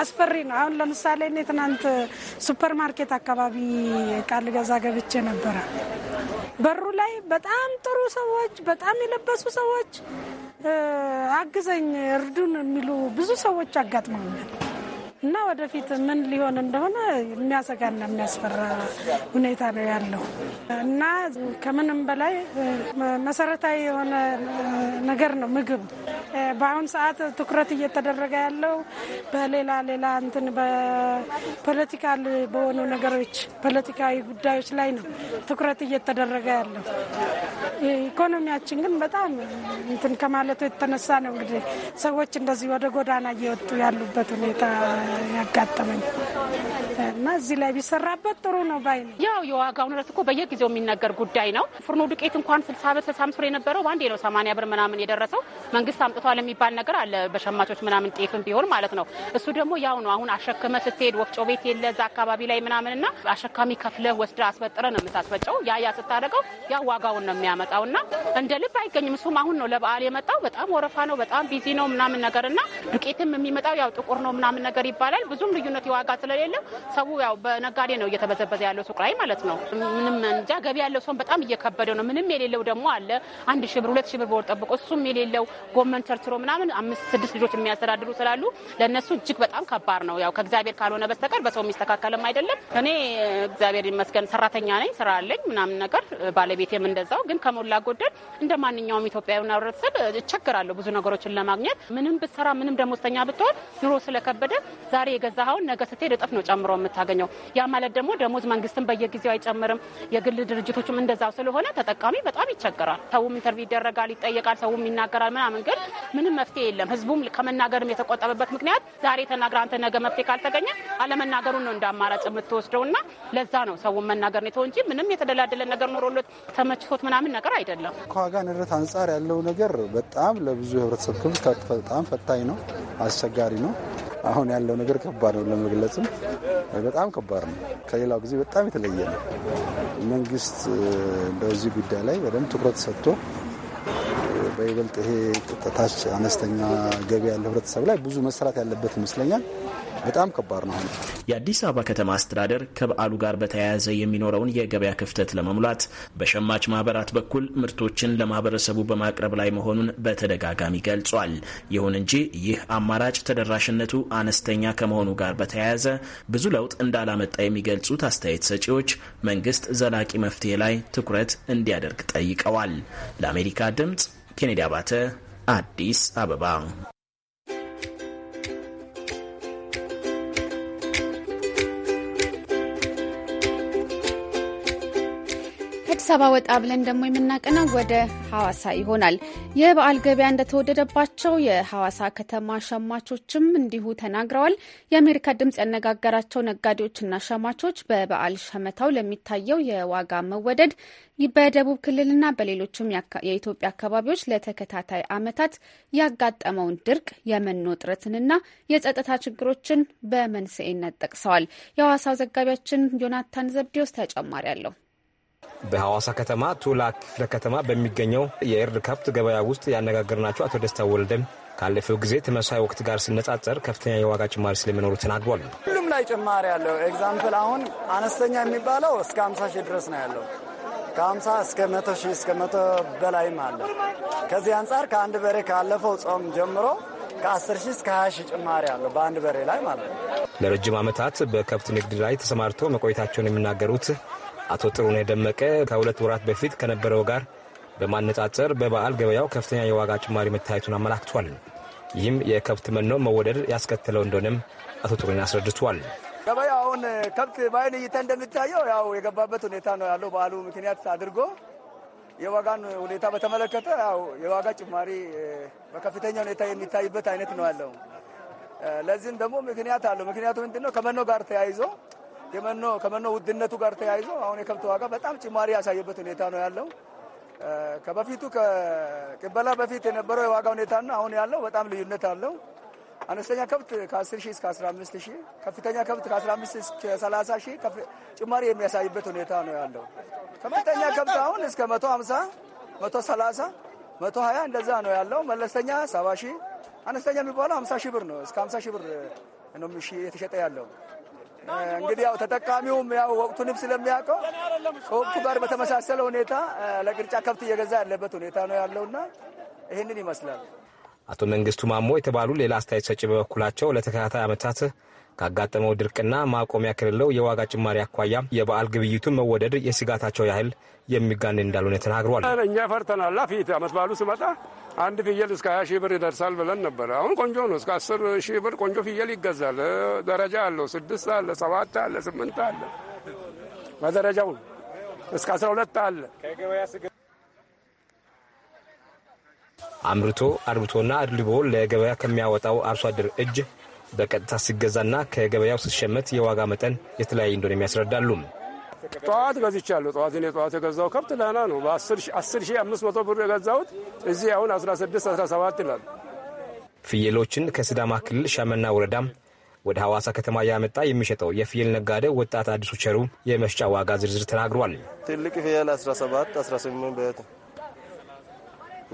[SPEAKER 13] አስፈሪ ነው። አሁን ለምሳሌ እኔ ትናንት ሱፐር ማርኬት አካባቢ ቃል ገዛ ገብቼ ነበረ። በሩ ላይ በጣም ጥሩ ሰዎች፣ በጣም የለበሱ ሰዎች አግዘኝ፣ እርዱን የሚሉ ብዙ ሰዎች አጋጥመውኛል። እና ወደፊት ምን ሊሆን እንደሆነ የሚያሰጋና የሚያስፈራ ሁኔታ ነው ያለው እና ከምንም በላይ መሰረታዊ የሆነ ነገር ነው ምግብ። በአሁን ሰዓት ትኩረት እየተደረገ ያለው በሌላ ሌላ እንትን በፖለቲካል በሆኑ ነገሮች ፖለቲካዊ ጉዳዮች ላይ ነው ትኩረት እየተደረገ ያለው። ኢኮኖሚያችን ግን በጣም እንትን ከማለቱ የተነሳ ነው እንግዲህ ሰዎች እንደዚህ ወደ ጎዳና እየወጡ ያሉበት ሁኔታ acá también. እና እዚህ ላይ ቢሰራበት ጥሩ ነው ባይ ነው። ያው የዋጋው ንረት እኮ
[SPEAKER 14] በየጊዜው የሚነገር ጉዳይ ነው። ፍርኖ ዱቄት እንኳን ስልሳ ብር ስልሳ አምስት ብር የነበረው በአንዴ ነው ሰማንያ ብር ምናምን የደረሰው። መንግስት አምጥቷል የሚባል ነገር አለ በሸማቾች ምናምን ጤፍም ቢሆን ማለት ነው። እሱ ደግሞ ያው ነው። አሁን አሸክመ ስትሄድ ወፍጮ ቤት የለ እዛ አካባቢ ላይ ምናምን እና አሸካሚ ከፍለህ ወስደ አስበጥረ ነው የምታስፈጨው። ያ ያ ስታደርገው ያው ዋጋውን ነው የሚያመጣው እና እንደ ልብ አይገኝም። እሱም አሁን ነው ለበዓል የመጣው። በጣም ወረፋ ነው፣ በጣም ቢዚ ነው ምናምን ነገር እና ዱቄትም የሚመጣው ያው ጥቁር ነው ምናምን ነገር ይባላል። ብዙም ልዩነት የዋጋ ስለሌለው ሰው ያው በነጋዴ ነው እየተበዘበዘ ያለው ሱቅ ላይ ማለት ነው። ምንም እንጃ ገቢ ያለው ሰውን በጣም እየከበደ ነው። ምንም የሌለው ደግሞ አለ አንድ ሺህ ብር ሁለት ሺህ ብር በወር ጠብቆ እሱም የሌለው ጎመን ተርትሮ ምናምን አምስት ስድስት ልጆች የሚያስተዳድሩ ስላሉ ለእነሱ እጅግ በጣም ከባድ ነው። ያው ከእግዚአብሔር ካልሆነ በስተቀር በሰው የሚስተካከልም አይደለም። እኔ እግዚአብሔር ይመስገን ሰራተኛ ነኝ፣ ስራ አለኝ ምናምን ነገር ባለቤቴም እንደዛው። ግን ከሞላ ጎደል እንደ ማንኛውም ኢትዮጵያዊና ህብረተሰብ እቸግራለሁ ብዙ ነገሮችን ለማግኘት ምንም ብትሰራ ምንም ደሞዝተኛ ብትሆን ኑሮ ስለከበደ ዛሬ የገዛኸውን ነገ ስትሄድ እጥፍ ነው ጨምሮ ጨምሮ የምታገኘው። ያ ማለት ደግሞ ደሞዝ መንግስትን በየጊዜው አይጨምርም፣ የግል ድርጅቶችም እንደዛው ስለሆነ ተጠቃሚ በጣም ይቸገራል። ሰውም ኢንተርቪው ይደረጋል፣ ይጠየቃል፣ ሰውም ይናገራል ምናምን፣ ግን ምንም መፍትሄ የለም። ህዝቡም ከመናገርም የተቆጠበበት ምክንያት ዛሬ ተናግረ አንተ ነገ መፍትሄ ካልተገኘ አለመናገሩን ነው እንደ አማራጭ የምትወስደው እና ለዛ ነው ሰውም መናገር ነው እንጂ ምንም የተደላደለ ነገር ኖሮለት ተመችቶት ምናምን ነገር አይደለም።
[SPEAKER 15] ከዋጋ ንረት አንጻር ያለው ነገር በጣም ለብዙ የህብረተሰብ ክፍል በጣም ፈታኝ ነው፣ አስቸጋሪ ነው። አሁን ያለው ነገር ከባድ ነው፣ ለመግለጽም በጣም ከባድ ነው። ከሌላው ጊዜ በጣም የተለየ ነው። መንግስት በዚህ ጉዳይ ላይ በደንብ ትኩረት ሰጥቶ በይበልጥ ይሄ ታች አነስተኛ ገቢ ያለው ህብረተሰብ ላይ ብዙ መሰራት ያለበት ይመስለኛል። በጣም ከባድ ነው።
[SPEAKER 12] የአዲስ አበባ ከተማ አስተዳደር ከበዓሉ ጋር በተያያዘ የሚኖረውን የገበያ ክፍተት ለመሙላት በሸማች ማህበራት በኩል ምርቶችን ለማህበረሰቡ በማቅረብ ላይ መሆኑን በተደጋጋሚ ገልጿል። ይሁን እንጂ ይህ አማራጭ ተደራሽነቱ አነስተኛ ከመሆኑ ጋር በተያያዘ ብዙ ለውጥ እንዳላመጣ የሚገልጹት አስተያየት ሰጪዎች መንግስት ዘላቂ መፍትሄ ላይ ትኩረት እንዲያደርግ ጠይቀዋል። ለአሜሪካ ድምጽ ኬኔዲ አባተ አዲስ አበባ
[SPEAKER 1] ከአዲስ አበባ ወጣ ብለን ደግሞ የምናቀነው ወደ ሐዋሳ ይሆናል። የበዓል ገበያ እንደተወደደባቸው የሐዋሳ ከተማ ሸማቾችም እንዲሁ ተናግረዋል። የአሜሪካ ድምፅ ያነጋገራቸው ነጋዴዎችና ሸማቾች በበዓል ሸመታው ለሚታየው የዋጋ መወደድ በደቡብ ክልልና በሌሎችም የኢትዮጵያ አካባቢዎች ለተከታታይ ዓመታት ያጋጠመውን ድርቅ፣ የመኖ እጥረትንና የጸጥታ ችግሮችን በመንስኤነት ጠቅሰዋል። የሐዋሳው ዘጋቢያችን ዮናታን ዘብዴዎስ ተጨማሪ አለው።
[SPEAKER 9] በሐዋሳ ከተማ ቱላ ክፍለ ከተማ በሚገኘው የእርድ ከብት ገበያ ውስጥ ያነጋገርናቸው አቶ ደስታ ወልደም ካለፈው ጊዜ ተመሳሳይ ወቅት ጋር ሲነጻጸር ከፍተኛ የዋጋ ጭማሪ ስለመኖሩ ተናግሯል።
[SPEAKER 15] ሁሉም ላይ ጭማሪ ያለው ኤግዛምፕል አሁን አነስተኛ የሚባለው እስከ 50 ሺህ ድረስ ነው ያለው ከ50 እስከ 100 ሺህ እስከ 100 በላይም አለ። ከዚህ አንጻር ከአንድ በሬ ካለፈው ጾም ጀምሮ ከ10 ሺህ እስከ 20 ሺህ ጭማሪ አለው በአንድ በሬ ላይ ማለት ነው።
[SPEAKER 9] ለረጅም ዓመታት በከብት ንግድ ላይ ተሰማርተው መቆየታቸውን የሚናገሩት አቶ ጥሩኔ ደመቀ ከሁለት ወራት በፊት ከነበረው ጋር በማነጻጸር በበዓል ገበያው ከፍተኛ የዋጋ ጭማሪ መታየቱን አመላክቷል። ይህም የከብት መኖ መወደድ ያስከተለው እንደሆነም አቶ ጥሩኔ አስረድቷል።
[SPEAKER 16] ገበያ አሁን ከብት በአይን እይታ እንደሚታየው ያው የገባበት ሁኔታ ነው ያለው። በዓሉ ምክንያት አድርጎ የዋጋን ሁኔታ በተመለከተ ያው የዋጋ ጭማሪ በከፍተኛ ሁኔታ የሚታይበት አይነት ነው ያለው። ለዚህም ደግሞ ምክንያት አለው። ምክንያቱ ምንድነው ከመኖ ጋር ተያይዞ የመኖ ከመኖ ውድነቱ ጋር ተያይዞ አሁን የከብት ዋጋ በጣም ጭማሪ ያሳየበት ሁኔታ ነው ያለው። ከበፊቱ ከቅበላ በፊት የነበረው የዋጋ ሁኔታና አሁን ያለው በጣም ልዩነት አለው። አነስተኛ ከብት ከ10 ሺህ እስከ 15 ሺህ፣ ከፍተኛ ከብት ከ15 እስከ 30 ሺህ ጭማሪ የሚያሳይበት ሁኔታ ነው ያለው። ከመጠኛ ከብት አሁን እስከ 150፣ 130፣ 120 እንደዛ ነው ያለው። መለስተኛ 70 ሺህ፣ አነስተኛ የሚባለው 50 ሺህ ብር ነው። እስከ 50 ሺህ ብር ነው የተሸጠ ያለው። እንግዲህ ያው ተጠቃሚውም ያው ወቅቱንም ስለሚያውቀው ከወቅቱ ጋር በተመሳሰለ ሁኔታ ለቅርጫ ከብት እየገዛ ያለበት ሁኔታ ነው ያለውና ይህንን ይመስላል።
[SPEAKER 9] አቶ መንግስቱ ማሞ የተባሉ ሌላ አስተያየት ሰጪ በበኩላቸው ለተከታታይ ዓመታት ካጋጠመው ድርቅና ማቆሚያ ከሌለው የዋጋ ጭማሪ አኳያ የበዓል ግብይቱን መወደድ የስጋታቸው ያህል የሚጋን እንዳልሆነ ተናግሯል።
[SPEAKER 5] እኛ ፈርተናላ ፊት አመት በዓሉ ስመጣ አንድ ፍየል እስከ ሀያ ሺህ ብር ይደርሳል ብለን ነበረ። አሁን ቆንጆ ነው። እስከ አስር ሺህ ብር ቆንጆ ፍየል ይገዛል። ደረጃ አለው። ስድስት አለ፣ ሰባት አለ፣ ስምንት አለ። በደረጃው እስከ አስራ ሁለት አለ።
[SPEAKER 9] አምርቶ አርብቶና አድልቦ ለገበያ ከሚያወጣው አርሶ አደር እጅ በቀጥታ ሲገዛና ከገበያው ሲሸመት የዋጋ መጠን የተለያየ እንደሆነ የሚያስረዳሉ።
[SPEAKER 5] ጠዋት ገዝቻለሁ። ጠዋት እኔ ጠዋት የገዛው ከብት ለህና ነው። በ10 ሺህ ብር የገዛሁት እዚህ አሁን 16 17 ይላል።
[SPEAKER 9] ፍየሎችን ከስዳማ ክልል ሻመና ወረዳም ወደ ሐዋሳ ከተማ ያመጣ የሚሸጠው የፍየል ነጋዴ ወጣት አዲሱ ቸሩ የመሸጫ ዋጋ ዝርዝር ተናግሯል።
[SPEAKER 15] ትልቅ ፍየል 17 18 በት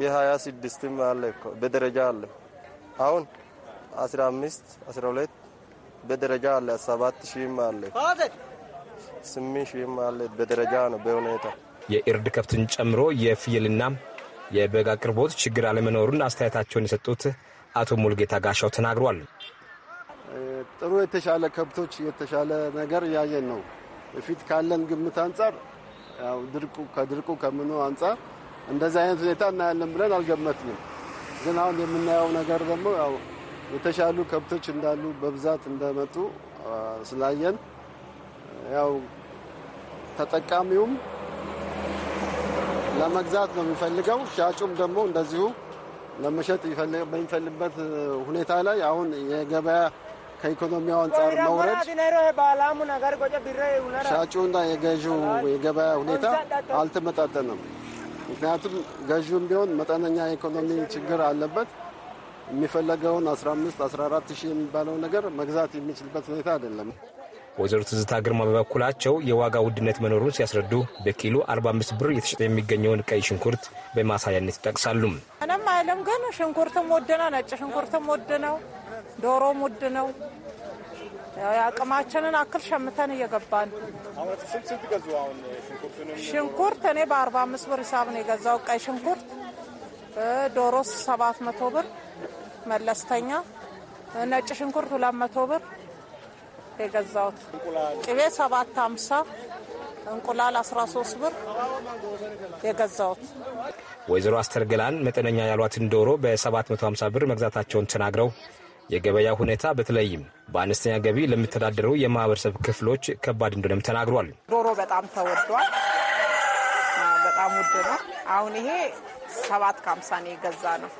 [SPEAKER 15] የ26 ም አለ በደረጃ አለ አሁን አስራ ሁለት በደረጃ አለ። ሰባት ሺህም አለ፣ 8 ሺህም አለ። በደረጃ ነው በሁኔታ
[SPEAKER 9] የእርድ ከብትን ጨምሮ የፍየልና የበግ አቅርቦት ችግር አለመኖሩን አስተያየታቸውን የሰጡት አቶ ሙልጌታ ጋሻው ተናግሯል።
[SPEAKER 15] ጥሩ የተሻለ ከብቶች የተሻለ ነገር እያየን ነው። በፊት ካለን ግምት አንጻር ድርቁ ከድርቁ ከምኑ አንጻር እንደዚህ አይነት ሁኔታ እናያለን ብለን አልገመትንም። ግን አሁን የምናየው ነገር ደግሞ የተሻሉ ከብቶች እንዳሉ በብዛት እንደመጡ ስላየን ያው ተጠቃሚውም ለመግዛት ነው የሚፈልገው፣ ሻጩም ደግሞ እንደዚሁ ለመሸጥ በሚፈልግበት ሁኔታ ላይ አሁን የገበያ ከኢኮኖሚያው አንጻር መውረድ ሻጩና የገዢው የገበያ ሁኔታ አልተመጣጠንም። ምክንያቱም ገዢውም ቢሆን መጠነኛ የኢኮኖሚ ችግር አለበት። የሚፈለገውን 15 14 ሺህ የሚባለው ነገር መግዛት የሚችልበት ሁኔታ አይደለም።
[SPEAKER 9] ወይዘሮ ትዝታ ግርማ በበኩላቸው የዋጋ ውድነት መኖሩን ሲያስረዱ በኪሎ 45 ብር የተሸጠ የሚገኘውን ቀይ ሽንኩርት በማሳያነት ይጠቅሳሉ።
[SPEAKER 13] ምንም አይልም፣ ግን ሽንኩርትም ውድ ነው፣ ነጭ ሽንኩርትም ውድ ነው፣ ዶሮም ውድ ነው። አቅማችንን አክል ሸምተን እየገባን ሽንኩርት እኔ በ45 ብር ሂሳብ ነው የገዛው ቀይ ሽንኩርት ዶሮስ 700 ብር መለስተኛ፣ ነጭ ሽንኩርት ሁለት መቶ ብር የገዛሁት፣ ቅቤ ሰባት ሀምሳ እንቁላል 13 ብር የገዛሁት።
[SPEAKER 9] ወይዘሮ ገላን መጠነኛ ያሏትን ዶሮ በ750 ብር መግዛታቸውን ተናግረው የገበያ ሁኔታ በተለይም በአነስተኛ ገቢ ለሚተዳደሩ የማህበረሰብ ክፍሎች ከባድ እንደሆነም ተናግሯል።
[SPEAKER 13] ዶሮ በጣም ተወዷል። በጣም ውድ ነው። አሁን ይሄ ሰባት ከሀምሳ ነው የገዛ ነው።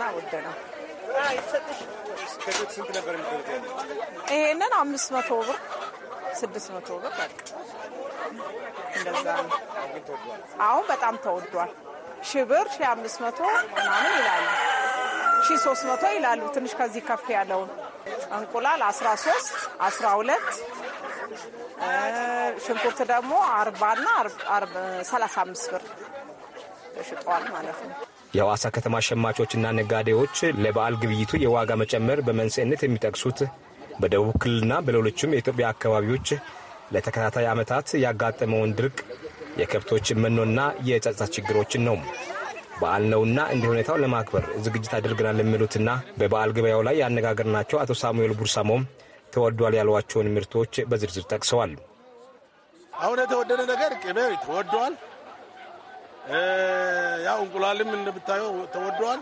[SPEAKER 13] እና ውድ ነው። ስንት ይሄንን አምስት መቶ ብር ስድስት መቶ ብር እንደዛ አሁን በጣም ተወዷል። ሺህ ብር ሺህ አምስት መቶ ምናምን ይላሉ። ሺህ ሶስት መቶ ይላሉ። ትንሽ ከዚህ ከፍ ያለውን እንቁላል አስራ ሶስት አስራ ሁለት ሽንኩርት ደግሞ አርባና ሰላሳ አምስት ብር ተሽጠዋል ማለት ነው።
[SPEAKER 9] የሐዋሳ ከተማ ሸማቾችና ነጋዴዎች ለበዓል ግብይቱ የዋጋ መጨመር በመንስኤነት የሚጠቅሱት በደቡብ ክልልና በሌሎችም የኢትዮጵያ አካባቢዎች ለተከታታይ ዓመታት ያጋጠመውን ድርቅ፣ የከብቶች መኖና የጸጥታ ችግሮችን ነው። በዓል ነውና እንዲ ሁኔታው ለማክበር ዝግጅት አድርገናል የሚሉትና በበዓል ገበያው ላይ ያነጋገርናቸው አቶ ሳሙኤል ቡርሳሞም ተወዷል ያሏቸውን ምርቶች በዝርዝር ጠቅሰዋል።
[SPEAKER 15] አሁን የተወደደ ነገር ቅቤ ተወዷል። ያው እንቁላልም እንደምታየው ተወዷል።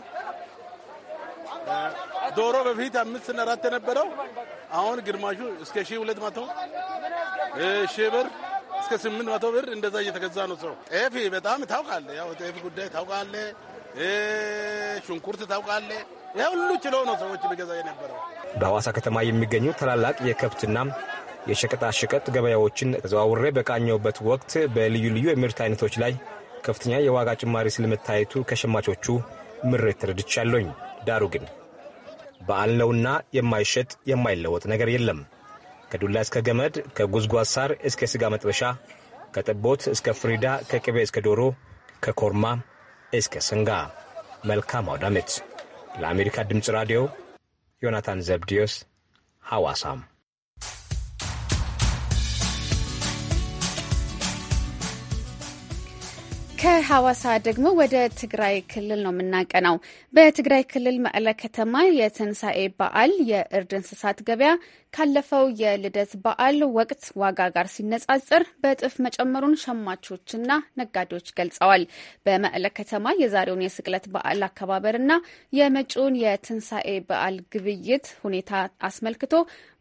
[SPEAKER 15] ዶሮ በፊት አምስት እና አራት የነበረው አሁን ግርማሹ እስከ ሺህ ሁለት መቶ ሺህ ብር እስከ ስምንት መቶ ብር እንደዛ እየተገዛ ነው ሰው። ጤፍ በጣም ታውቃለህ፣ ያው ጤፍ ጉዳይ ታውቃለህ፣ ሽንኩርት ታውቃለህ። ይህ ሁሉ ነው ሰዎች ሊገዛ የነበረው።
[SPEAKER 9] በሐዋሳ ከተማ የሚገኙ ታላላቅ የከብትና የሸቀጣሸቀጥ ገበያዎችን ተዘዋውሬ በቃኘውበት ወቅት በልዩ ልዩ የምርት አይነቶች ላይ ከፍተኛ የዋጋ ጭማሪ ስለመታየቱ ከሸማቾቹ ምሬት ተረድቻለኝ። ዳሩ ግን በዓል ነውና የማይሸጥ የማይለወጥ ነገር የለም። ከዱላ እስከ ገመድ፣ ከጉዝጓዝ ሳር እስከ ሥጋ መጥበሻ፣ ከጥቦት እስከ ፍሪዳ፣ ከቅቤ እስከ ዶሮ፣ ከኮርማ እስከ ሰንጋ። መልካም አውዳመት ለአሜሪካ ድምፅ ራዲዮ ዮናታን ዘብዲዮስ ሐዋሳም
[SPEAKER 1] ከሐዋሳ ደግሞ ወደ ትግራይ ክልል ነው የምናቀናው። በትግራይ ክልል መቀለ ከተማ የትንሣኤ በዓል የእርድ እንስሳት ገበያ ካለፈው የልደት በዓል ወቅት ዋጋ ጋር ሲነጻጸር በእጥፍ መጨመሩን ሸማቾችና ነጋዴዎች ገልጸዋል። በመቀለ ከተማ የዛሬውን የስቅለት በዓል አከባበርና የመጪውን የትንሣኤ በዓል ግብይት ሁኔታ አስመልክቶ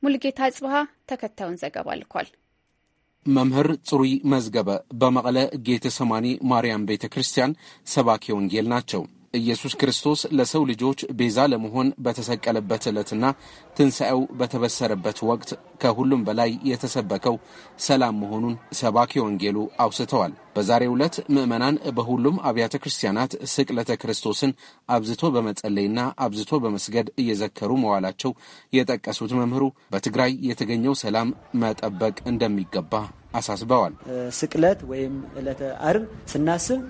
[SPEAKER 1] ሙልጌታ ጽብሃ ተከታዩን ዘገባ ልኳል።
[SPEAKER 17] መምህር ጽሩይ መዝገበ በመቀለ ጌቴ ሰማኒ ማርያም ቤተ ክርስቲያን ሰባኪ ወንጌል ናቸው። ኢየሱስ ክርስቶስ ለሰው ልጆች ቤዛ ለመሆን በተሰቀለበት ዕለትና ትንሣኤው በተበሰረበት ወቅት ከሁሉም በላይ የተሰበከው ሰላም መሆኑን ሰባኪ ወንጌሉ አውስተዋል። በዛሬ ዕለት ምዕመናን በሁሉም አብያተ ክርስቲያናት ስቅለተ ክርስቶስን አብዝቶ በመጸለይና አብዝቶ በመስገድ እየዘከሩ መዋላቸው የጠቀሱት መምህሩ በትግራይ የተገኘው ሰላም መጠበቅ እንደሚገባ አሳስበዋል።
[SPEAKER 18] ስቅለት ወይም ዕለተ አርብ ስናስብ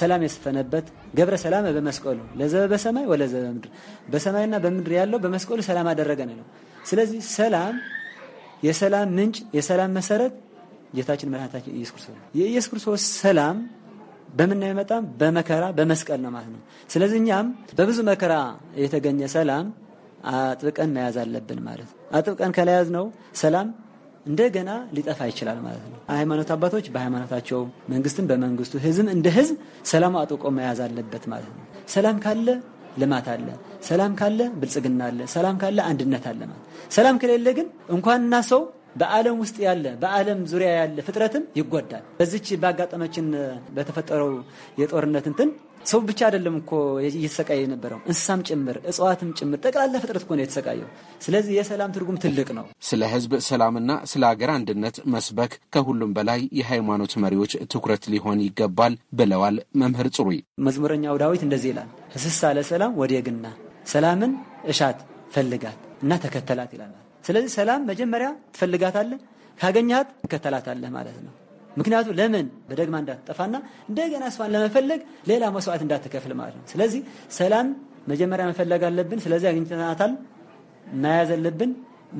[SPEAKER 18] ሰላም የሰፈነበት ገብረ ሰላም በመስቀሉ ለዘበ በሰማይ ወለዘበ ምድር በሰማይና በምድር ያለው በመስቀሉ ሰላም አደረገ ነው። ስለዚህ ሰላም የሰላም ምንጭ የሰላም መሰረት ጌታችን መድኃኒታችን ኢየሱስ ክርስቶስ የኢየሱስ ክርስቶስ ሰላም በምን አይመጣም? በመከራ በመስቀል ነው ማለት ነው። ስለዚህ እኛም በብዙ መከራ የተገኘ ሰላም አጥብቀን መያዝ አለብን ማለት ነው። አጥብቀን ከለያዝ ነው ሰላም እንደገና ሊጠፋ ይችላል ማለት ነው። ሃይማኖት አባቶች በሃይማኖታቸው፣ መንግስትም በመንግስቱ፣ ህዝብ እንደ ህዝብ ሰላም አጥቆ መያዝ አለበት ማለት ነው። ሰላም ካለ ልማት አለ። ሰላም ካለ ብልጽግና አለ። ሰላም ካለ አንድነት አለ ማለት። ሰላም ከሌለ ግን እንኳንና ሰው በዓለም ውስጥ ያለ በዓለም ዙሪያ ያለ ፍጥረትም ይጎዳል። በዚች ባጋጠመችን በተፈጠረው የጦርነት እንትን ሰው ብቻ አይደለም እኮ እየተሰቃየ የነበረው እንስሳም ጭምር እጽዋትም ጭምር
[SPEAKER 17] ጠቅላላ ፍጥረት እኮ ነው የተሰቃየው። ስለዚህ የሰላም ትርጉም ትልቅ ነው። ስለ ህዝብ ሰላምና ስለ ሀገር አንድነት መስበክ ከሁሉም በላይ የሃይማኖት መሪዎች ትኩረት ሊሆን ይገባል ብለዋል መምህር ጽሩይ።
[SPEAKER 18] መዝሙረኛው ዳዊት እንደዚህ ይላል፣ እስሳ ለሰላም ወዴግና ሰላምን እሻት ፈልጋት እና ተከተላት ይላል። ስለዚህ ሰላም መጀመሪያ ትፈልጋታለህ፣ ካገኘሃት ትከተላታለህ ማለት ነው። ምክንያቱም ለምን በደግማ እንዳትጠፋና እንደገና እሷን ለመፈለግ ሌላ መስዋዕት እንዳትከፍል ማለት ነው። ስለዚህ ሰላም መጀመሪያ መፈለግ አለብን። ስለዚህ አግኝተናታል መያዝ አለብን።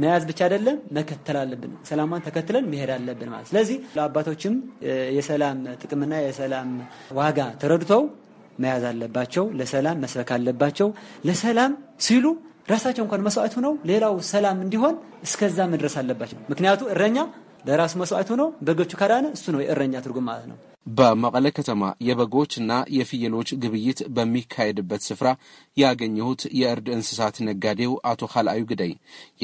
[SPEAKER 18] መያዝ ብቻ አይደለም መከተል አለብን። ሰላሟን ተከትለን መሄድ አለብን ማለት ስለዚህ ለአባቶችም የሰላም ጥቅምና የሰላም ዋጋ ተረድተው መያዝ አለባቸው። ለሰላም መስበክ አለባቸው። ለሰላም ሲሉ ራሳቸው እንኳን መስዋዕት ሆነው ሌላው ሰላም እንዲሆን እስከዛ መድረስ አለባቸው። ምክንያቱ እረኛ ለራሱ መስዋዕት ሆኖ በጎቹ ካዳነ እሱ ነው የእረኛ ትርጉም ማለት ነው።
[SPEAKER 17] በመቀለ ከተማ የበጎችና የፍየሎች ግብይት በሚካሄድበት ስፍራ ያገኘሁት የእርድ እንስሳት ነጋዴው አቶ ካልአዩ ግደይ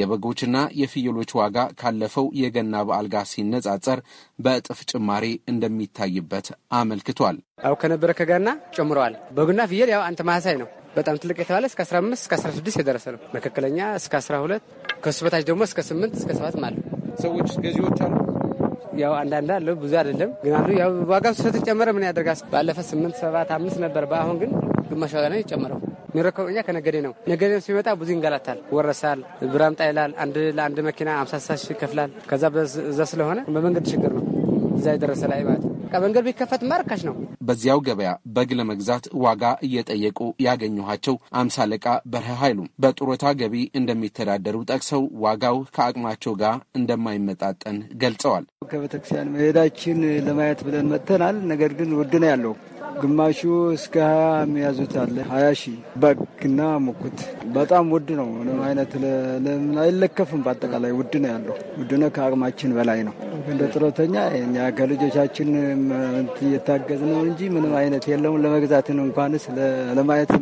[SPEAKER 17] የበጎችና የፍየሎች ዋጋ ካለፈው የገና በዓል ጋር ሲነጻጸር በእጥፍ ጭማሪ እንደሚታይበት አመልክቷል። ው ከነበረ ከጋና ጨምረዋል። በጉና ፍየል ያው አንተ ማሳይ ነው በጣም ትልቅ የተባለ እስከ 15 እስከ 16
[SPEAKER 19] የደረሰ ነው። መካከለኛ እስከ 12 ከሱ በታች ደግሞ እስከ 8 እስከ 7 ማለት ሰዎች ገዢዎች አሉ። ያው አንዳንድ አለ ብዙ አይደለም ግን አሉ። ያው ዋጋ ስለተጨመረ ምን ያደርጋል። ባለፈ ስምንት ሰባት አምስት ነበር። በአሁን ግን ግማሽ ዋጋ ነው የጨመረው። የሚረከበው እኛ ከነገዴ ነው። ነገዴ ሲመጣ ብዙ ይንገላታል፣ ወረሳል፣ ብራምጣ ይላል። አንድ ለአንድ መኪና አምሳሳሽ ይከፍላል። ከዛ በዛ ስለሆነ በመንገድ ችግር ነው እዛ የደረሰ ላይ ማለት ከመንገድ ቢከፈት መርከሽ ነው።
[SPEAKER 17] በዚያው ገበያ በግ ለመግዛት ዋጋ እየጠየቁ ያገኘኋቸው አምሳ አለቃ በርሀ ኃይሉ በጡረታ ገቢ እንደሚተዳደሩ ጠቅሰው ዋጋው ከአቅማቸው ጋር እንደማይመጣጠን ገልጸዋል።
[SPEAKER 16] ከቤተክርስቲያን መሄዳችን ለማየት ብለን መጥተናል። ነገር ግን ውድ ነው ያለው ግማሹ እስከ ሀያ የሚያዙት አለ። ሀያ ሺ በግና ሙኩት በጣም ውድ ነው። ምንም አይነት አይለከፍም። በአጠቃላይ ውድ ነው ያለው ውድ ነው፣ ከአቅማችን በላይ ነው። እንደ ጥረተኛ እኛ ከልጆቻችን እየታገዝ ነው እንጂ ምንም አይነት የለውም። ለመግዛትን እንኳንስ ለማየት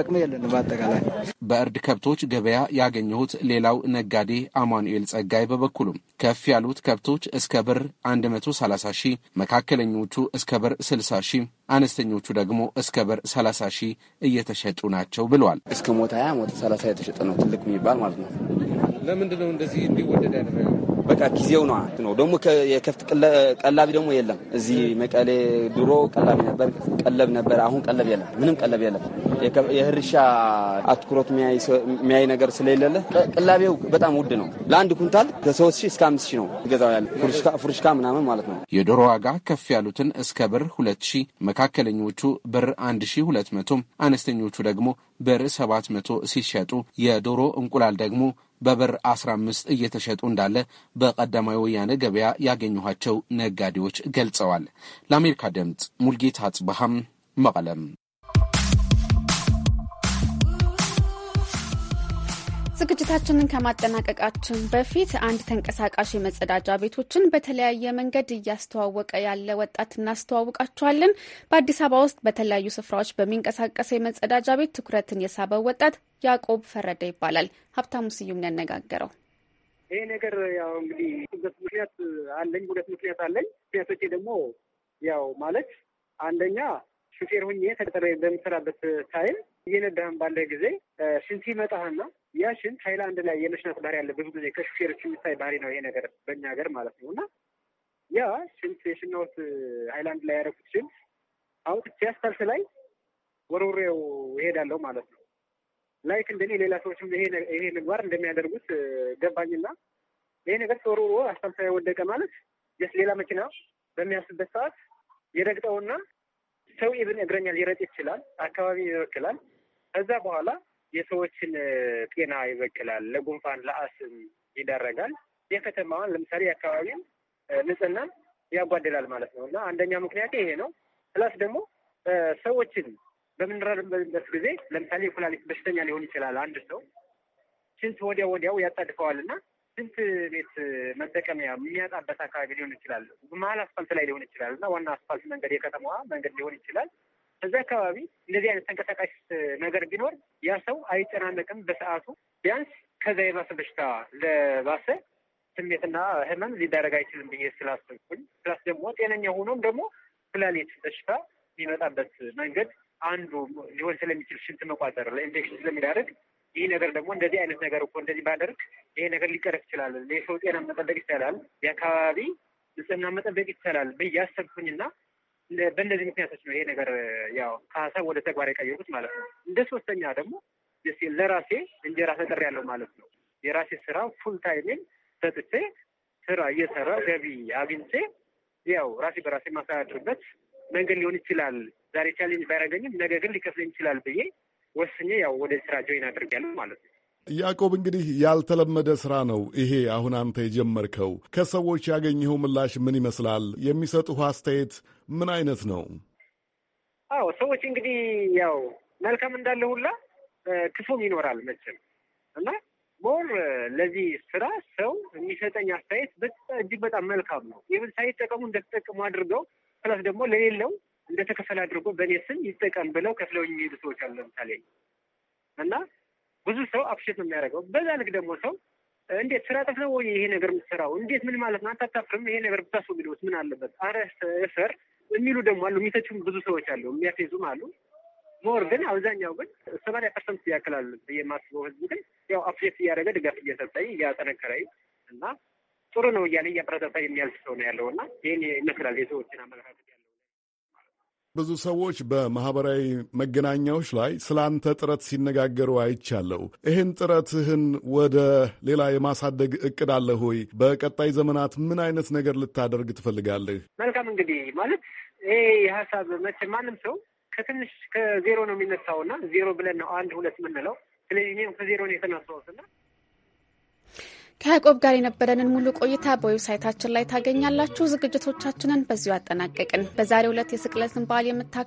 [SPEAKER 16] አቅም የለን። በአጠቃላይ
[SPEAKER 17] በእርድ ከብቶች ገበያ ያገኘሁት ሌላው ነጋዴ አማኑኤል ጸጋይ በበኩሉም ከፍ ያሉት ከብቶች እስከ ብር 130 ሺህ፣ መካከለኞቹ እስከ ብር 60 ሺህ አነስተኞቹ ደግሞ እስከ ብር 30 ሺህ እየተሸጡ ናቸው ብለዋል። እስከ ሞት 20 ሞት 30 የተሸጠ ነው ትልቅ የሚባል ማለት ነው። ለምንድን ነው እንደዚህ እንዲወደድ ያደረገው? በቃ ጊዜው ነው
[SPEAKER 9] ነው ደግሞ የከፍት ቀላቢ ደግሞ የለም። እዚህ መቀሌ ድሮ ቀላቢ ነበር፣
[SPEAKER 15] ቀለብ ነበር። አሁን ቀለብ የለም፣ ምንም ቀለብ የለም። የእርሻ አትኩሮት የሚያይ ነገር ስለሌለ ቀላቢው በጣም ውድ ነው። ለአንድ ኩንታል ከሶስት ሺህ እስከ አምስት ሺህ ነው ገዛው ያለ ምናምን ማለት ነው።
[SPEAKER 17] የዶሮ ዋጋ ከፍ ያሉትን እስከ ብር ሁለት ሺህ መካከለኞቹ ብር አንድ ሺህ ሁለት አነስተኞቹ ደግሞ ብር ሰባት መቶ ሲሸጡ የዶሮ እንቁላል ደግሞ በብር 15 እየተሸጡ እንዳለ በቀዳማዊ ወያነ ገበያ ያገኘኋቸው ነጋዴዎች ገልጸዋል። ለአሜሪካ ድምፅ ሙልጌታ አጽበሃም መቀለም
[SPEAKER 1] ዝግጅታችንን ከማጠናቀቃችን በፊት አንድ ተንቀሳቃሽ የመጸዳጃ ቤቶችን በተለያየ መንገድ እያስተዋወቀ ያለ ወጣት እናስተዋውቃችኋለን። በአዲስ አበባ ውስጥ በተለያዩ ስፍራዎች በሚንቀሳቀሰው የመጸዳጃ ቤት ትኩረትን የሳበው ወጣት ያዕቆብ ፈረደ ይባላል። ሀብታሙ ስዩም ያነጋገረው።
[SPEAKER 19] ይሄ ነገር ያው እንግዲህ ሁለት ምክንያት አለኝ ሁለት ምክንያት አለኝ። ምክንያቶቼ ደግሞ ያው ማለት አንደኛ ሹፌር ሁኜ ተቀጠረ በምሰራበት ታይም እየነዳህን ባለ ጊዜ ሽንት ይመጣህና ያ ሽንት ሀይላንድ ላይ የመሽናት ባህሪ ያለ ብዙ ጊዜ ከሹፌሮች የሚታይ ባህሪ ነው ይሄ ነገር በእኛ ሀገር ማለት ነው እና ያ ሽንት የሽናውት ሀይላንድ ላይ ያደረኩት ሽንት አውጥቼ አስፋልት ላይ ወርውሬው ይሄዳለሁ ማለት ነው። ላይክ እንደኔ ሌላ ሰዎችም ይሄ ምግባር እንደሚያደርጉት ገባኝና ይሄ ነገር ተወርውሮ አስፋልት ላይ ወደቀ ማለት ስ ሌላ መኪና በሚያልፍበት ሰዓት የረግጠውና ሰው ይህን እግረኛ ሊረጥ ይችላል፣ አካባቢ ይበክላል። ከዛ በኋላ የሰዎችን ጤና ይበክላል፣ ለጉንፋን ለአስም ይዳረጋል። የከተማዋን ለምሳሌ የአካባቢን ንጽህናን ያጓድላል ማለት ነው። እና አንደኛ ምክንያት ይሄ ነው። ፕላስ ደግሞ ሰዎችን በምንረዳበት ጊዜ ለምሳሌ የኩላሊት በሽተኛ ሊሆን ይችላል አንድ ሰው ሽንት ወዲያ ወዲያው ያጣድፈዋል እና ስንት ቤት መጠቀሚያ የሚያጣበት አካባቢ ሊሆን ይችላል። መሀል አስፋልት ላይ ሊሆን ይችላል እና ዋና አስፋልት መንገድ የከተማዋ መንገድ ሊሆን ይችላል። እዚ አካባቢ እንደዚህ አይነት ተንቀሳቃሽ ነገር ቢኖር ያ ሰው አይጨናነቅም። በሰዓቱ ቢያንስ ከዛ የባሰ በሽታ ለባሰ ስሜትና ህመም ሊዳረግ አይችልም ብዬ ስላሰብኩኝ ፕላስ ደግሞ ጤነኛ ሆኖም ደግሞ ኩላሊት በሽታ የሚመጣበት መንገድ አንዱ ሊሆን ስለሚችል ሽንት መቋጠር ለኢንፌክሽን ስለሚዳረግ ይህ ነገር ደግሞ እንደዚህ አይነት ነገር እኮ እንደዚህ ባደርግ ይሄ ነገር ሊቀረፍ ይችላል፣ የሰው ጤና መጠበቅ ይቻላል፣ የአካባቢ ንጽህና መጠበቅ ይቻላል ብዬ አሰብኩኝና በእነዚህ ምክንያቶች ነው ይሄ ነገር ያው ከሀሳብ ወደ ተግባር የቀየሩት ማለት ነው። እንደ ሶስተኛ ደግሞ ለራሴ እንጀራ ፈጥሬ ያለው ማለት ነው። የራሴ ስራ ፉል ታይሜን ሰጥቼ ስራ እየሰራ ገቢ አግኝቼ ያው ራሴ በራሴ ማስተዳድርበት መንገድ ሊሆን ይችላል። ዛሬ ቻሌንጅ ባያደርገኝም ነገ ግን ሊከፍለኝ ይችላል ብዬ ወስኜ ያው ወደ ስራ ጆይን አድርጋለሁ ማለት ነው።
[SPEAKER 12] ያዕቆብ እንግዲህ ያልተለመደ ስራ ነው ይሄ አሁን አንተ የጀመርከው። ከሰዎች ያገኘኸው ምላሽ ምን ይመስላል? የሚሰጡህ አስተያየት ምን አይነት ነው?
[SPEAKER 19] አዎ ሰዎች እንግዲህ ያው መልካም እንዳለ ሁላ ክፉም ይኖራል መቼም እና ሞር ለዚህ ስራ ሰው የሚሰጠኝ አስተያየት እጅግ በጣም መልካም ነው። ይህን ሳይጠቀሙ እንደተጠቀሙ አድርገው ፕላስ ደግሞ ለሌለው እንደተከፈለ አድርጎ በእኔ ስም ይጠቀም ብለው ከፍለው የሚሄዱ ሰዎች አሉ። ለምሳሌ እና ብዙ ሰው አፕሼት ነው የሚያደርገው። በዛ ልክ ደግሞ ሰው እንዴት ስራ ጠፍ ወይ ይሄ ነገር የምትሰራው? እንዴት ምን ማለት ነው? አታታፍርም? ይሄ ነገር ብታስወግደውስ ምን አለበት? አረ እስር የሚሉ ደግሞ አሉ። የሚተቹም ብዙ ሰዎች አሉ፣ የሚያፌዙም አሉ። ሞር ግን አብዛኛው ግን ሰማንያ ፐርሰንት ያክላል የማስበው ህዝብ ግን ያው አፕዴት እያደረገ ድጋፍ እየሰጠኝ እያጠነከረኝ እና ጥሩ ነው እያለ እያበረታታ የሚያልፍ ሰው ነው ያለው እና ይህን ይመስላል የሰዎችን አመለካከት
[SPEAKER 12] ብዙ ሰዎች በማህበራዊ መገናኛዎች ላይ ስለ አንተ ጥረት ሲነጋገሩ አይቻለሁ። ይህን ጥረትህን ወደ ሌላ የማሳደግ እቅድ አለ ሆይ? በቀጣይ ዘመናት ምን አይነት ነገር ልታደርግ ትፈልጋለህ?
[SPEAKER 19] መልካም እንግዲህ ማለት ይሄ የሀሳብ መቼም ማንም ሰው ከትንሽ ከዜሮ ነው የሚነሳውና ዜሮ ብለን ነው አንድ ሁለት የምንለው። ስለዚህ እኔም ከዜሮ ነው የተነሳሁትና
[SPEAKER 1] ከያዕቆብ ጋር የነበረንን ሙሉ ቆይታ በዌብሳይታችን ላይ ታገኛላችሁ። ዝግጅቶቻችንን በዚሁ አጠናቀቅን። በዛሬው ዕለት የስቅለትን በዓል የምታከ